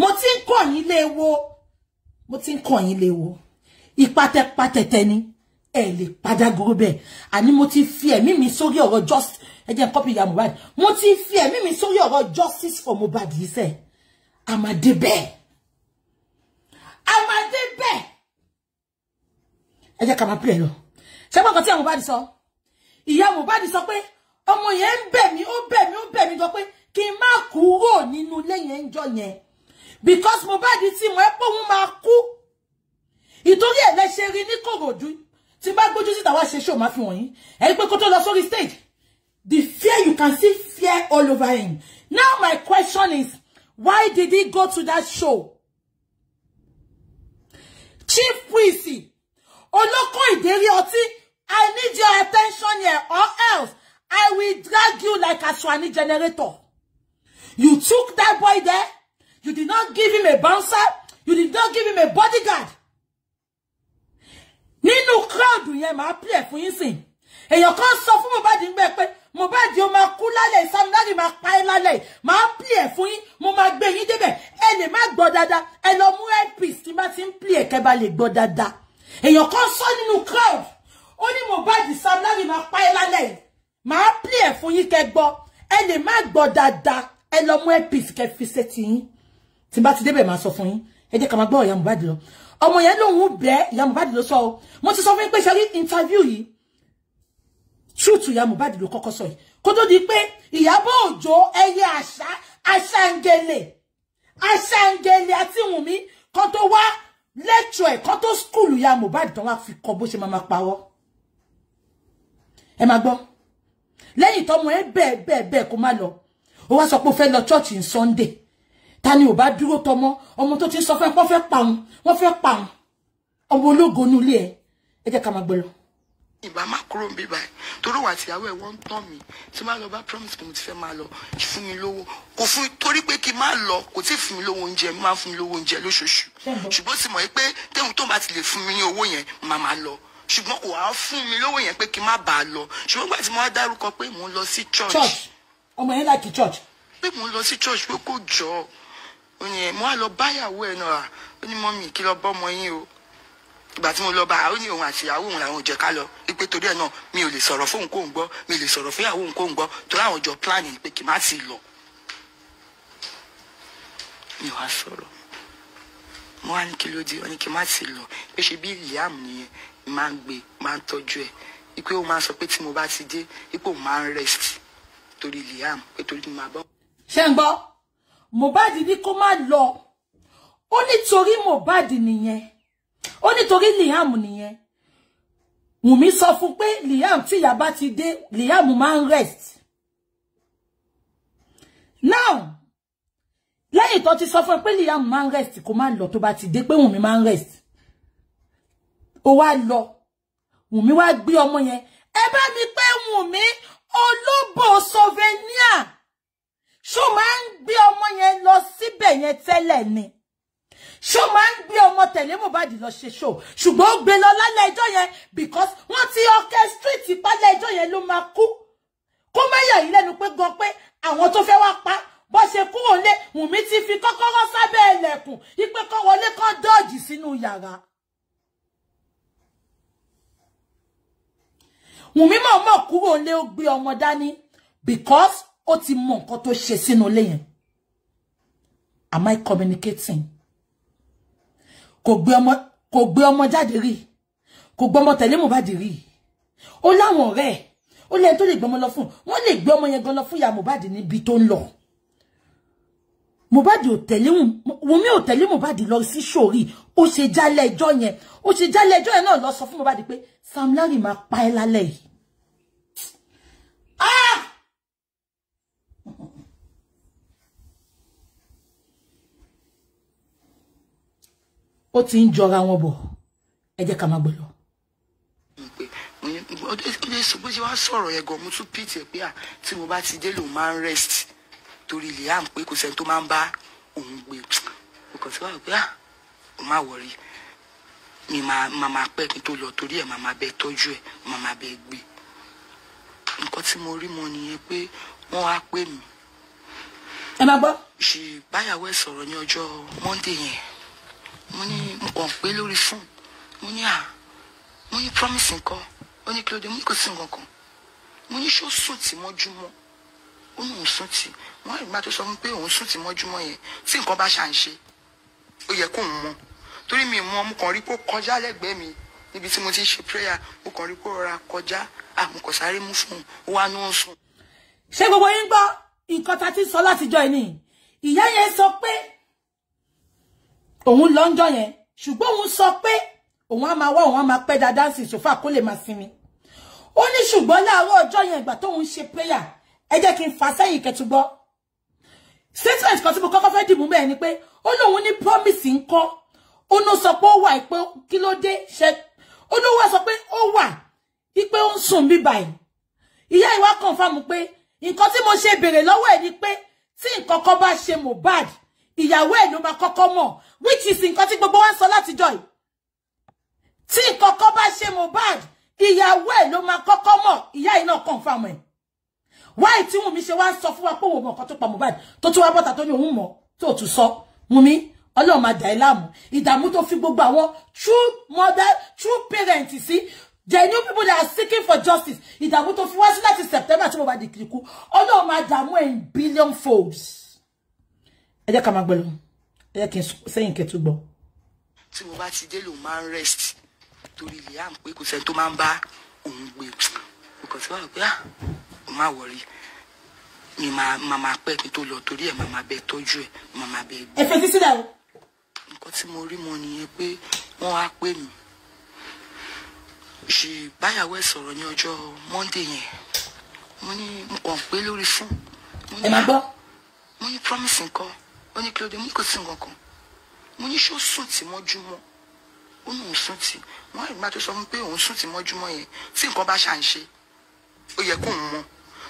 mo ti ń kọ̀ nílé wo bó ti ń kàn yín léwo ìpatẹpatẹtẹ ni ẹ lè padà gòrò bẹ́ẹ̀ àní mo ti fi ẹ̀mí mi sórí ọ̀rọ̀ just ẹ jẹ́ kọ́pì ìyá Mohbad mo ti fi ẹ̀mí mi sórí ọ̀rọ̀ justice for Mohbad yìí sẹ́ àmàdé bẹ́ẹ̀ àmàdé bẹ́ẹ̀ ẹ jẹ́ ká máa pè é lọ ṣé gbọ́n kan tí ìyá Mohbad sọ ìyá Mohbad sọ pé ọmọ yẹn ń bẹ̀ mí ó bẹ̀ mí ó bẹ̀ mí gan pé kí n má kúrò nínú ilé yẹn ń jọ yẹn because Mohbad ti mọ̀ ẹ́ pé òun máa kú ìtorí ẹ̀ lẹ ṣe ní Kòròdú tí bá gbójú síta wá ṣe show máa fi wọ̀nyí ẹ̀ pé kó tó sórí stage the fear you can see fear all over him now my question is why did he go to that show Chief Priest Oloko ìdérí ọtí I need your attention here or else I will drag you like a swani generator you took that boy there you did not give him a bouncer. You did not give him a bodyguard. Nínú crowd yẹn máa play fún yín sìn. Èèyàn kan sọ fún Mohbad ń gbẹ pé Mohbad o máa kú lálẹ́ Sam Larry máa pa ẹ́ lálẹ́ máa play fún yín mo máa gbé yín débẹ̀ ẹ lè má gbọ́ dáadáa ẹ lọ mú headpiece tí n bá ti ń play ẹ̀kẹ́ bá lè gbọ́ dáadáa. Èèyàn kan sọ nínú crowd ó ní Mohbad Sam Larry máa pa ẹ́ lálẹ́ máa play fún yín kẹ́ gbọ́ ẹ lè má gbọ́ dáadáa ẹ lọ mú headpiece kẹ́ fi ṣe tiyín tí bá ti débẹ̀ máa sọ fún yín ẹ jẹ́ ká máa gbọ́ lọ ọmọ yẹn lòun bẹ́ ìyá Mohbad ló sọ o mo ti sọ fún yín pé ṣe rí interview yìí ló kọ́kọ́ sọ yìí kó tó di pé Ìyábọ̀ Òjó ẹyẹ àṣà aṣángẹlẹ̀ aṣángẹlẹ̀ àti Wùnmí kan tó wá lecture ẹ̀ kan tó skúlù ìyá wá fi kọ bó ṣe máa pawọ́ ẹ máa gbọ́ lẹ́yìn tọmọ ẹ bẹ́ẹ̀ bẹ́ẹ̀ bẹ́ẹ̀ kó má lọ ó wá sọ pé fẹ́ lọ church in Sunday tani o ò bá dúró tọmọ ọmọ tó ti sọ fẹ́ pọ́n fẹ́ pa òun wọ́n fẹ́ pa òun ọmọ ológo inú ilé ẹ ẹ jẹ́ ká máa gbé lọ. ìbá má kúrò ń bí báyìí torí wà tíyàwó ẹ wọ́n ń tàn mí tí má lọ bá promise kò ti fẹ́ máa lọ fún mi lówó kò fún torí pé kí n má lọ kò tí ì fún mi lówó oúnjẹ mi máa fún mi lówó oúnjẹ lóṣooṣù ṣùgbọ́n ti mọ̀ pé téun tó bá ti lè fún mi ní owó yẹn màá máa lọ ṣùgbọ́n kò wá fún mi lówó yẹn pé kí n má bàa lọ ṣùgbọ́n nígbà mo wá dárúkọ pé mò ń lọ church. church ọmọ yẹn láti church. pé mò ń lọ church pé kò jọ ó yẹn mo wá lọ báyàwó ẹ̀ náà ó ní mọ́mì kí lọ bọ́ ọmọ yín o ìgbà tí mo lọ bá a ó ní òun àti ìyàwó òun làwọn ò jẹ́ ká lọ wípé mi ò lè sọ̀rọ̀ fóun kóun gbọ́ mi ò lè sọ̀rọ̀ fún ìyàwó òun kóun gbọ́ torí àwọn jọ pílánì pé kì má sì mi ò wá mo wá ní kí ló dé ọ ní kí má sì lọ pé ṣe Liam nìyẹn máa ń gbé máa ń tọ́jú ẹ̀ wípé ó máa sọ pé tí mo bá ti dé wípé òun máa ń rest torí Liam pé torí mo máa bọ́. ṣé ń gbọ́ Mohbad ní kó má lọ Oni tori Mohbad nìyẹn Oni tori Liam nìyẹn Wùmí sọ fún pé Liam tí ìyá bá ti ya ba ti de Liam máa rest now lẹ́yìn tó ti sọ fún pé Liam man rest kó má lọ tó bá ti dé pé Wùmí máa rest ó wá lọ wá gbé ọmọ yẹn ẹ bá mi pé tẹ́lẹ̀ ni ṣó máa ń gbé ọmọ tẹ̀lé Mohbad lọ ṣe ṣó ṣùgbọ́n ó gbé lọ lálẹ́ ẹjọ́ yẹn because wọ́n ti orchestrate pálẹ̀ ẹjọ́ yẹn ló máa kú kó má yà yí lẹ́nu pé gan pé àwọn tó fẹ́ wá pa bó ṣe kúrò lé Wùmí ti fi kọ́kọ́rọ́ sábẹ́ ẹlẹ́kùn ipe kọ́ wọlé kọ́ dọ́ọ̀jì sínú yàrá. Wùmí mọ̀ọ́mọ̀ kúrò lé ó gbé ọmọ dání because ó ti mọ nǹkan tó ṣe sínú ilé yẹn Am I communicating? Kò gbé ọmọ kò gbé ọmọ jáde rí. Kò gbé ọmọ tẹ̀lé Mohbad rí. Ó láwọn ọ̀rẹ́ ẹ̀. Ó lẹ́yìn tó lè gbé ọmọ lọ fún. Wọ́n lè gbé ọmọ yẹn gan lọ fún ìyá Mohbad níbi tó ń lọ. Mohbad ò tẹ̀lé Wùmí ò tẹ̀lé Mohbad lọ sí sórí. Ó ṣe jálẹ̀ ẹjọ́ yẹn. Ó ṣe jálẹ̀ ẹjọ́ yẹn náà lọ sọ fún Mohbad pé Sam Larry máa pa ẹ́ lálẹ́ yìí. ó ti ń jọra wọn bọ̀ ẹ jẹ́ ká máa gbé lọ. bó ṣe wá sọ̀rọ̀ yẹn gan mo tún pìtì ẹ̀ pé tí mo bá ti dé lòun máa ń rest torí ilé à ń pé kò sẹ́ni tó máa ń bá òun gbé mo kàn sí wàá pé ó má wọrí mi máa máa pẹ́ kí n tó lọ torí ẹ̀ máa máa bẹ tọ́jú ẹ̀ máa máa bẹ gbé nǹkan tí mo rí mo nìyẹn pé wọ́n wá pè mí. ẹ máa gbọ́. ṣì báyàwó ẹ̀ sọ̀rọ̀ ní ọjọ́ Monday yẹn mo ní mo kàn pé lórí fóònù mo ní à mo ní promise nǹkan ó ní kí ló dé mo kò sí nǹkan kan mo ní ṣó sùn tì mọ́júmọ́ ó ní òun sùn tì wọ́n rí bá tó sọ pé òun sùn tì mọ́júmọ́ yẹn tí nǹkan bá ṣà ń ṣe ó yẹ kóun mọ̀ torí mi mọ̀ mo kàn rí pé ó kọjá lẹ́gbẹ̀ẹ́ mi níbi tí mo ti ń ṣe prayer mo kàn rí pé ó rọra kọjá àmọ́ kò sáré mú fún un ó wá ní òun sùn. ṣé gbogbo yín gbọ́ nǹkan ta ti sọ látijọ́ ẹ̀ nìyí ìyá yẹn sọ pé òun lọ́njọ́ yẹn ṣùgbọ́n òun sọ pé òun á máa wá òun á máa pẹ́ dáadáa sí ìṣòfà kó lè máa sinmi ó ní ṣùgbọ́n láàárọ̀ ọjọ́ yẹn ìgbà tóun ṣe prayer ẹ jẹ́ kí n fà sẹ́yìn kẹtùgbọ́ statement kan tí mo kọ́kọ́ fẹ́ dìbò bẹ́ẹ̀ ni pé ó lóun ní promise ń kọ́ ó ló sọ pé ó wà pé kí ló dé ṣe ó ló wá sọ pé ó wà pé ó ń sùn bí báyìí ìyá ìwà confirm pé nǹkan tí mo ṣe béèrè lọ́wọ́ ẹ̀ ni pé tí nǹkan kan bá ṣe Mohbad ìyàwó ẹ̀ ló máa kọ́kọ́ mọ̀ which is in tí gbogbo wa ń sọ látijọ́ yìí tí kọ́kọ́ bá ṣe Mohbad ìyàwó ẹ̀ ló ma kọ́kọ́ mọ̀ ìyá yìí náà confam ẹ̀ wáì tí Wùnmí ṣe wá ń sọ fún wa pé òun mọ̀ nǹkan tó pa Mohbad tó tún wá bọ́ta tó ní òun mọ̀ tó tún sọ Wùnmí Ọlọ́run máa dà ẹ́ láàmú ìdààmú tó fi gbogbo àwọn true mother true parent sí genuine people that are seeking for justice ìdààmú tó fi wá sí in September tí mo bá dìkìrì kú Ọlọ́run máa dààmú ẹ̀ in billion folds ẹ jẹ́ ká máa gbẹ ẹ kí n sẹ́yìn kẹtù gbọ́. tí mo bá ti dé lòun máa ń rest torí Liam pé kò sẹ́ni tó máa ń bá òun gbé nǹkan tí wàá gbé à ah, ó má wọrí mi máa máa pẹ́ kí n tó lọ torí ẹ̀ máa máa bẹ tọ́jú ẹ̀ máa máa bẹ ẹ fetí sílẹ̀ o. nǹkan tí mo rí mọ nìyẹn pé wọ́n á pè mí ṣì báyàwó ẹ̀ sọ̀rọ̀ ní ọjọ́ Monday yẹn mo ní mo kàn pé lórí fún. ẹ máa ah, gbọ́. mo ní promise nǹkan wọ́n ní kí ló dé mú kò sí nǹkan kan mo ní ṣó sùn tí mọ́júmọ́ ó ní òun sùn tí wọ́n àìgbà tó sọ pé òun sùn tí mọ́júmọ́ yẹn tí nǹkan bá ṣà ń ṣe ó yẹ kó ń mọ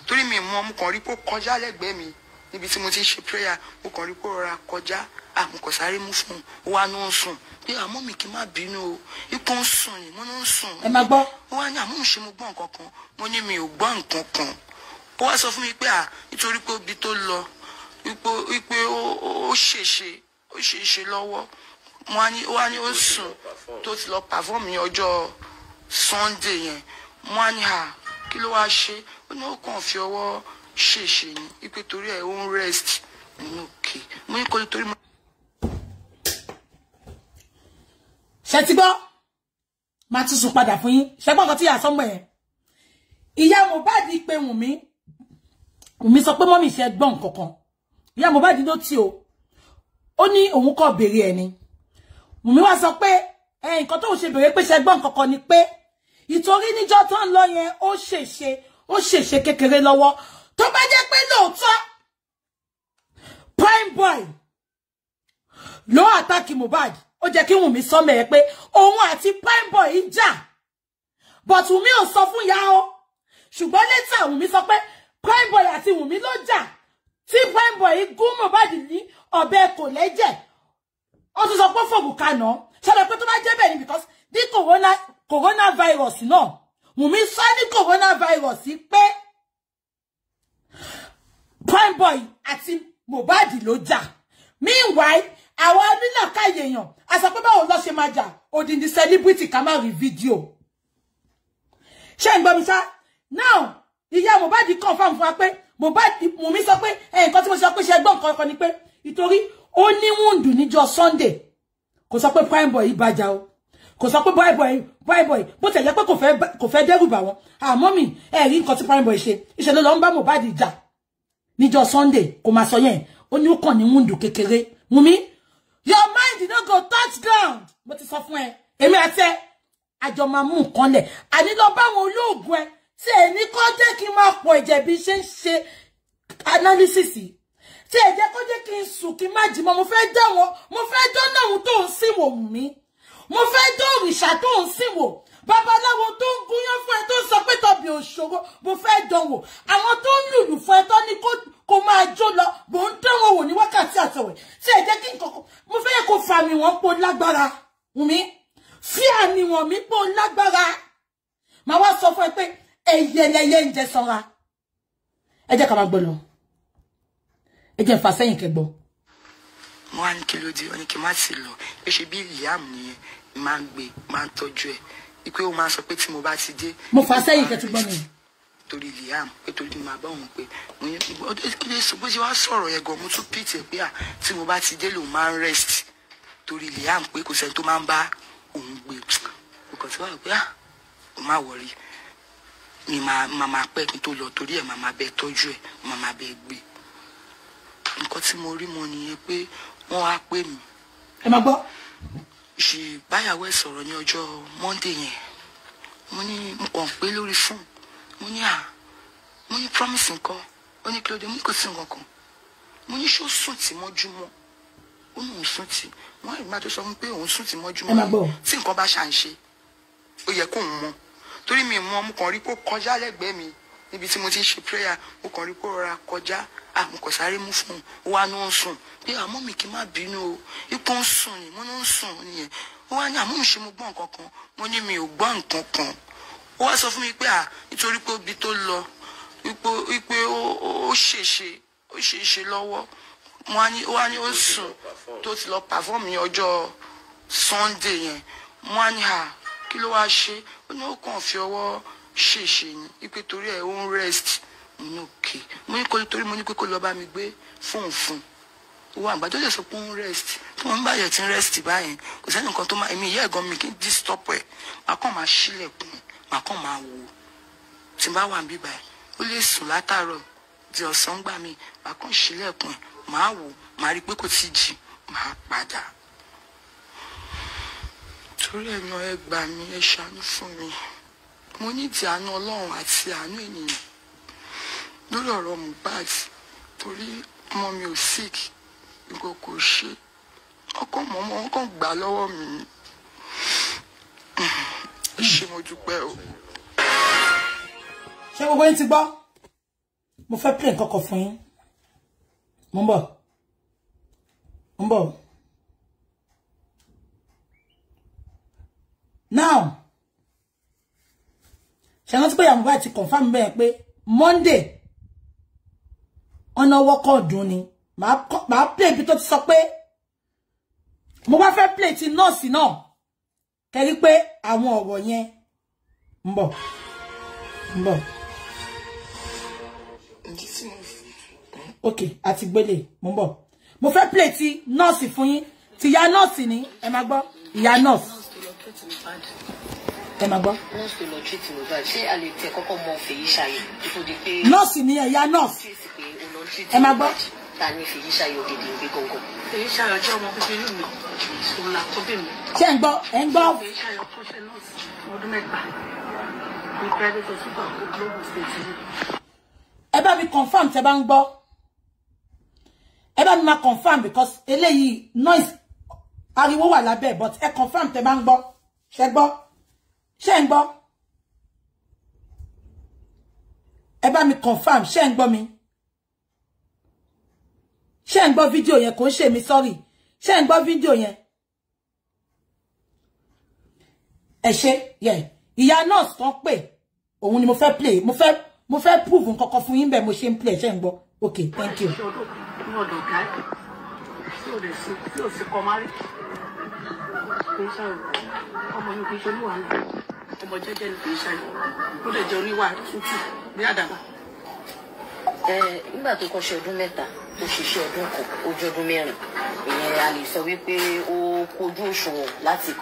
torí mi mọ mo kàn rí pé ó kọjá lẹ́gbẹ̀ẹ́ mi níbi tí mo ti ń ṣe prayer mo kàn rí pé ó rọra kọjá àmukọ̀ sáré mú fún un ó wá ní ó sùn pé àmọ́ mi kì í má bínú o ipò ń sùn ni mo ní ń sùn. ẹ máa gbọ́. ó wá ní àmọ́ ṣe mo gbọ́ nǹkan kan mo ní mi ò gbọ́ nǹkan kan ó wá sọ fún mi pé à nítorí pé obì tó lọ ipò ipe ó ṣèṣe ó ṣèṣe lọ́wọ́ wọ́n á ní wọ́n á ní ó sùn tó ti lọ perform ní ọjọ́ Sunday yẹn wọ́n á ní à kí ló wá ṣe ó ní ó kàn fi ọwọ́ ṣèṣe ni ipe torí ẹ̀ ó ń rest nínú òkè mo ní kó torí mo. ṣe ti gbọ́ máa tún sùn padà fún yín ṣẹgbọ́n kan tí yà sọ́mọ̀ ẹ̀ ìyá Mohbad pé Wùnmí Wùnmí sọ pé mọ́mì ṣe gbọ́n kankan ìyá Mohbad ló tì o ó ní òun kò béèrè ẹni Wùnmí wá sọ pé ẹ nǹkan tóun ṣe béèrè pé ṣe gbọ́n kankan ni pé ìtorí níjọ́ tó ń lọ yẹn ó ṣèṣe ó ṣèṣe kékeré lọ́wọ́ tó bá jẹ́ pé lóòótọ́ prime boy ló àtàkì Mohbad ó jẹ́ kí Wùnmí sọ mẹ́ẹ̀ pé òun àti prime boy ń jà but Wùnmí ò sọ fún ìyá o ṣùgbọ́n létà Wùnmí sọ pé prime boy àti Wùnmí ló jà tí prime boy gún Mohbad ní ọ̀bẹ kò lẹ́jẹ̀ ó tún sọ pé fòògùn kaná ṣọlọ pé tó bá jẹ́ bẹ́ẹ̀ ni because ní corona coronavirus náà Wùmí sọ ní coronavirus pé prime boy àti Mohbad ló jà meanwhile àwọn onílàkàyè èèyàn àṣàpẹ́ báwo lọ ṣe máa jà òdìdí celebrity ká má rí video. ṣé ń gbọ́ mi sá now ìyá Mohbad confam fún wa pé Mohbad Wùnmí sọ pé eh, nǹkan tí mo sọ pé ṣe gbọ́ nǹkan kan ni pé ìtorí only ó ní wùndù níjọ́ Sunday kò sọ pé prime boy ìbàjá o kò sọ pé boy boy boy boy bó tẹ̀lé pé kò fẹ́ kò fẹ́ dẹ́rù bà wọ́n mommy, ah, mi ẹ̀rí nǹkan tí prime boy ṣe ìṣẹ̀lẹ̀ ló ń bá Mohbad jà níjọ́ Sunday kò máa sọ yẹn Only ní ó kàn ní wùndù kékeré Wùnmí your mind did not go touch ground but it's sọ fún ẹ èmi àti ẹ àjọ máa mú nǹkan lẹ̀ àní lọ bá àwọn olóògùn ẹ tí ẹ ní kó jẹ́ kí n máa pọ̀ ẹ̀jẹ̀ bí ṣe ń ṣe analysis yìí tí ẹ jẹ́ kó jẹ́ kí n sùn kí n má jí mọ́ mo fẹ́ dán wọn mo fẹ́ dán náà tó ń sìn wò mí mo fẹ́ dán òrìṣà tó ń sìn wò babaláwo tó ń gúnyán fún ẹ tó ń sọ pé tọbi òṣòro mo fẹ́ dán wò àwọn tó ń lùlù fún ẹ tó ní kó máa jó lọ mò ń dán wọn wò ní wákàtí àtọwẹ̀ tí ẹ jẹ́ kí n kọ̀kọ́ mo fẹ́ kó fa mi wọ́n pọ̀ lágbára mi fi àmì wọ̀n mi pọ̀ lágbára màá wá sọ fún ẹ pé ẹyẹ lẹyẹ ń jẹ sanra ẹ jẹ́ ká máa gbọ́ lọ ẹ jẹ́ ń fa sẹ́yìn kẹgbọ́. mo wá ní kí ló dé ọ ní ti lọ ẹ ṣe bí Liam nìyẹn máa ń gbé máa ń ipe ó máa sọ pé tí mo bá ti dé. mo fa sẹ́yìn kẹtùgbọ́n mi torí Liam pé torí mo máa bá òun pé bó ṣe wá sọ̀rọ̀ yẹn gan mo tún pìtì ẹ̀ pé à tí mo bá ti dé lòun máa rest torí Liam pé kò sẹ́ni tó máa ń bá òun gbé nǹkan tí wàá pé à òun máa wọrí mi máa máa pẹ́ kí n tó lọ torí ẹ̀ máa máa bẹ tọ́jú ẹ̀ máa máa bẹ gbé nǹkan tí mo rí mọ nìyẹn pé wọ́n á pè mí. ẹ máa gbọ́. ṣì báyàwó ẹ̀ sọ̀rọ̀ ní ọjọ́ Monday yẹn mo ní mo kàn pé lórí fóònù mo ní à mo ní promise nǹkan ó ní kí ló dé mú kò sí nǹkan kan mo ní ṣó sùn tí mọ́júmọ́ ó ní òun sùn tí wọ́n á rí má tó sọ fún pé òun sùn tí mọ́júmọ́ tí nǹkan bá ṣà ó yẹ kóun mọ̀ torí mi mú ọmọ kan rí kó kọjá lẹ́gbẹ̀ẹ́ mi níbi tí mo ti ń ṣe prayer mo kàn rí kó rọra kọjá àmọ kò sáré mú fún un wa ló ń sùn pé àmọ́ mi kì í má bínú o ipò ń sùn ni mo ló ń sùn nìyẹn ó wá ní àmọ́ mi ṣe mo gbọ́ nǹkan kan mo ní mi ò gbọ́ nǹkan kan ó wá sọ fún mi pé à nítorí pé ibi tó lọ ipò ó ṣèṣe ó ṣèṣe lọ́wọ́ ó wá ní ó sùn tó ti lọ pàfọ́ọ̀mù ọjọ́ Sunday yẹn wọ́n á ní à kí ló wáá ṣe ó ní ó kàn fi ọwọ́ ṣèṣe ni ipe torí ẹ̀ ó ń rest nínú òkè mo ní kó torí mo ní pé kó lọ bá mi gbé fóun fún un owó àgbàdo lè sọ pé ó ń rest tí wọ́n bá yẹ ti ń rest báyìí kò sẹ́ni nǹkan tó máa èmi ìyá ẹ̀gàn mi kí n disturb ẹ̀ màá kàn máa ṣílẹ̀kùn màá kàn máa wò tí n bá wà ń bíbà ẹ̀ ó lè sùn látàárọ̀ di ọ̀sán gbà mí màá kàn ṣílẹ̀kùn ẹ̀ wò màá rí i pé kò tí ì jí màá padà torí ẹ̀yàn ẹ gbà mí ẹ ṣàánú fún mi mo nídìí àánú ọlọ́run àti àánú ènìyàn lórí ọ̀rọ̀ Mohbad torí ọmọ mi ò sick nǹkan kò ṣe ọkọ mọ́mọ́ wọn kàn gbà lọ́wọ́ mi ẹ ṣé mo dúpẹ́ o. ṣé gbogbo yín ti gbọ́ mo fẹ́ pè nǹkan kan fún yín mo ń bọ̀ mo ń bọ̀. now ṣẹ̀rántí pé àmúbá ti confam bẹ́ẹ̀ pé monday ọ̀nà wọ́kọ̀ ọ̀dún ni màá play ibi tó ti sọ pé mo wá fẹ́ play ti nọ́ọ̀sì náà kẹ́rí pé àwọn ọ̀rọ̀ yẹn ń bọ̀ ń bọ̀. ok àti gbélé mo ń bọ̀ mo fẹ́ play ti nọ́ọ̀sì fún yín ti ya nọ́ọ̀sì ni ẹ máa gbọ́ ìyá nọ́ọ̀sì treat Mohbad. ẹ máa gbọ́. nurse tó lọ treat Mohbad ṣé a lè tẹ kọ́kọ́ mọ fèyí ṣayọ dípò di pé. nọ́ọ̀sì ni ẹ̀yà nọ́ọ̀sì. ẹ máa gbọ́. ta ni fèyí ṣayọ gidi ìgbé gangan. fèyí ṣayọ jẹ́ ọmọ kékeré mi òun là kó bí mi. ṣé ń gbọ́ ẹ̀ ń gbọ́. fèyí ṣayọ tó ṣe nọ́ọ̀sì ọdún mẹ́ta ní private hospital ológun state yìí. ẹ bá mi confam tẹ bá ń gbọ́ ẹ bá mi máa confam because eléyìí noise ariwo wà lábẹ́ but ẹ confam tẹ bá ń gbọ́ ṣe gbọ́ ṣe ń gbọ́ ẹ bá mi confirm ṣe ń gbọ́ mi ṣe ń gbọ́ fídíò yẹn kò ń ṣe mi sorry ṣe ń gbọ́ fídíò yẹn ẹ ṣe yẹ ìyá nurse kan pè òun ni mo fẹ́ play mo fẹ́ mo fẹ́ prove nǹkan kan fún yín bẹ́ẹ̀ mo ṣe ń play ṣe ń gbọ́ ok thank you kì nígbà tó kọ́ ṣe ọdún mẹ́ta tó ṣiṣẹ́ ọdún kan ojú ọdún mẹ́rin ìyẹn a lè sọ wípé ó kojú òṣùwọ̀n láti.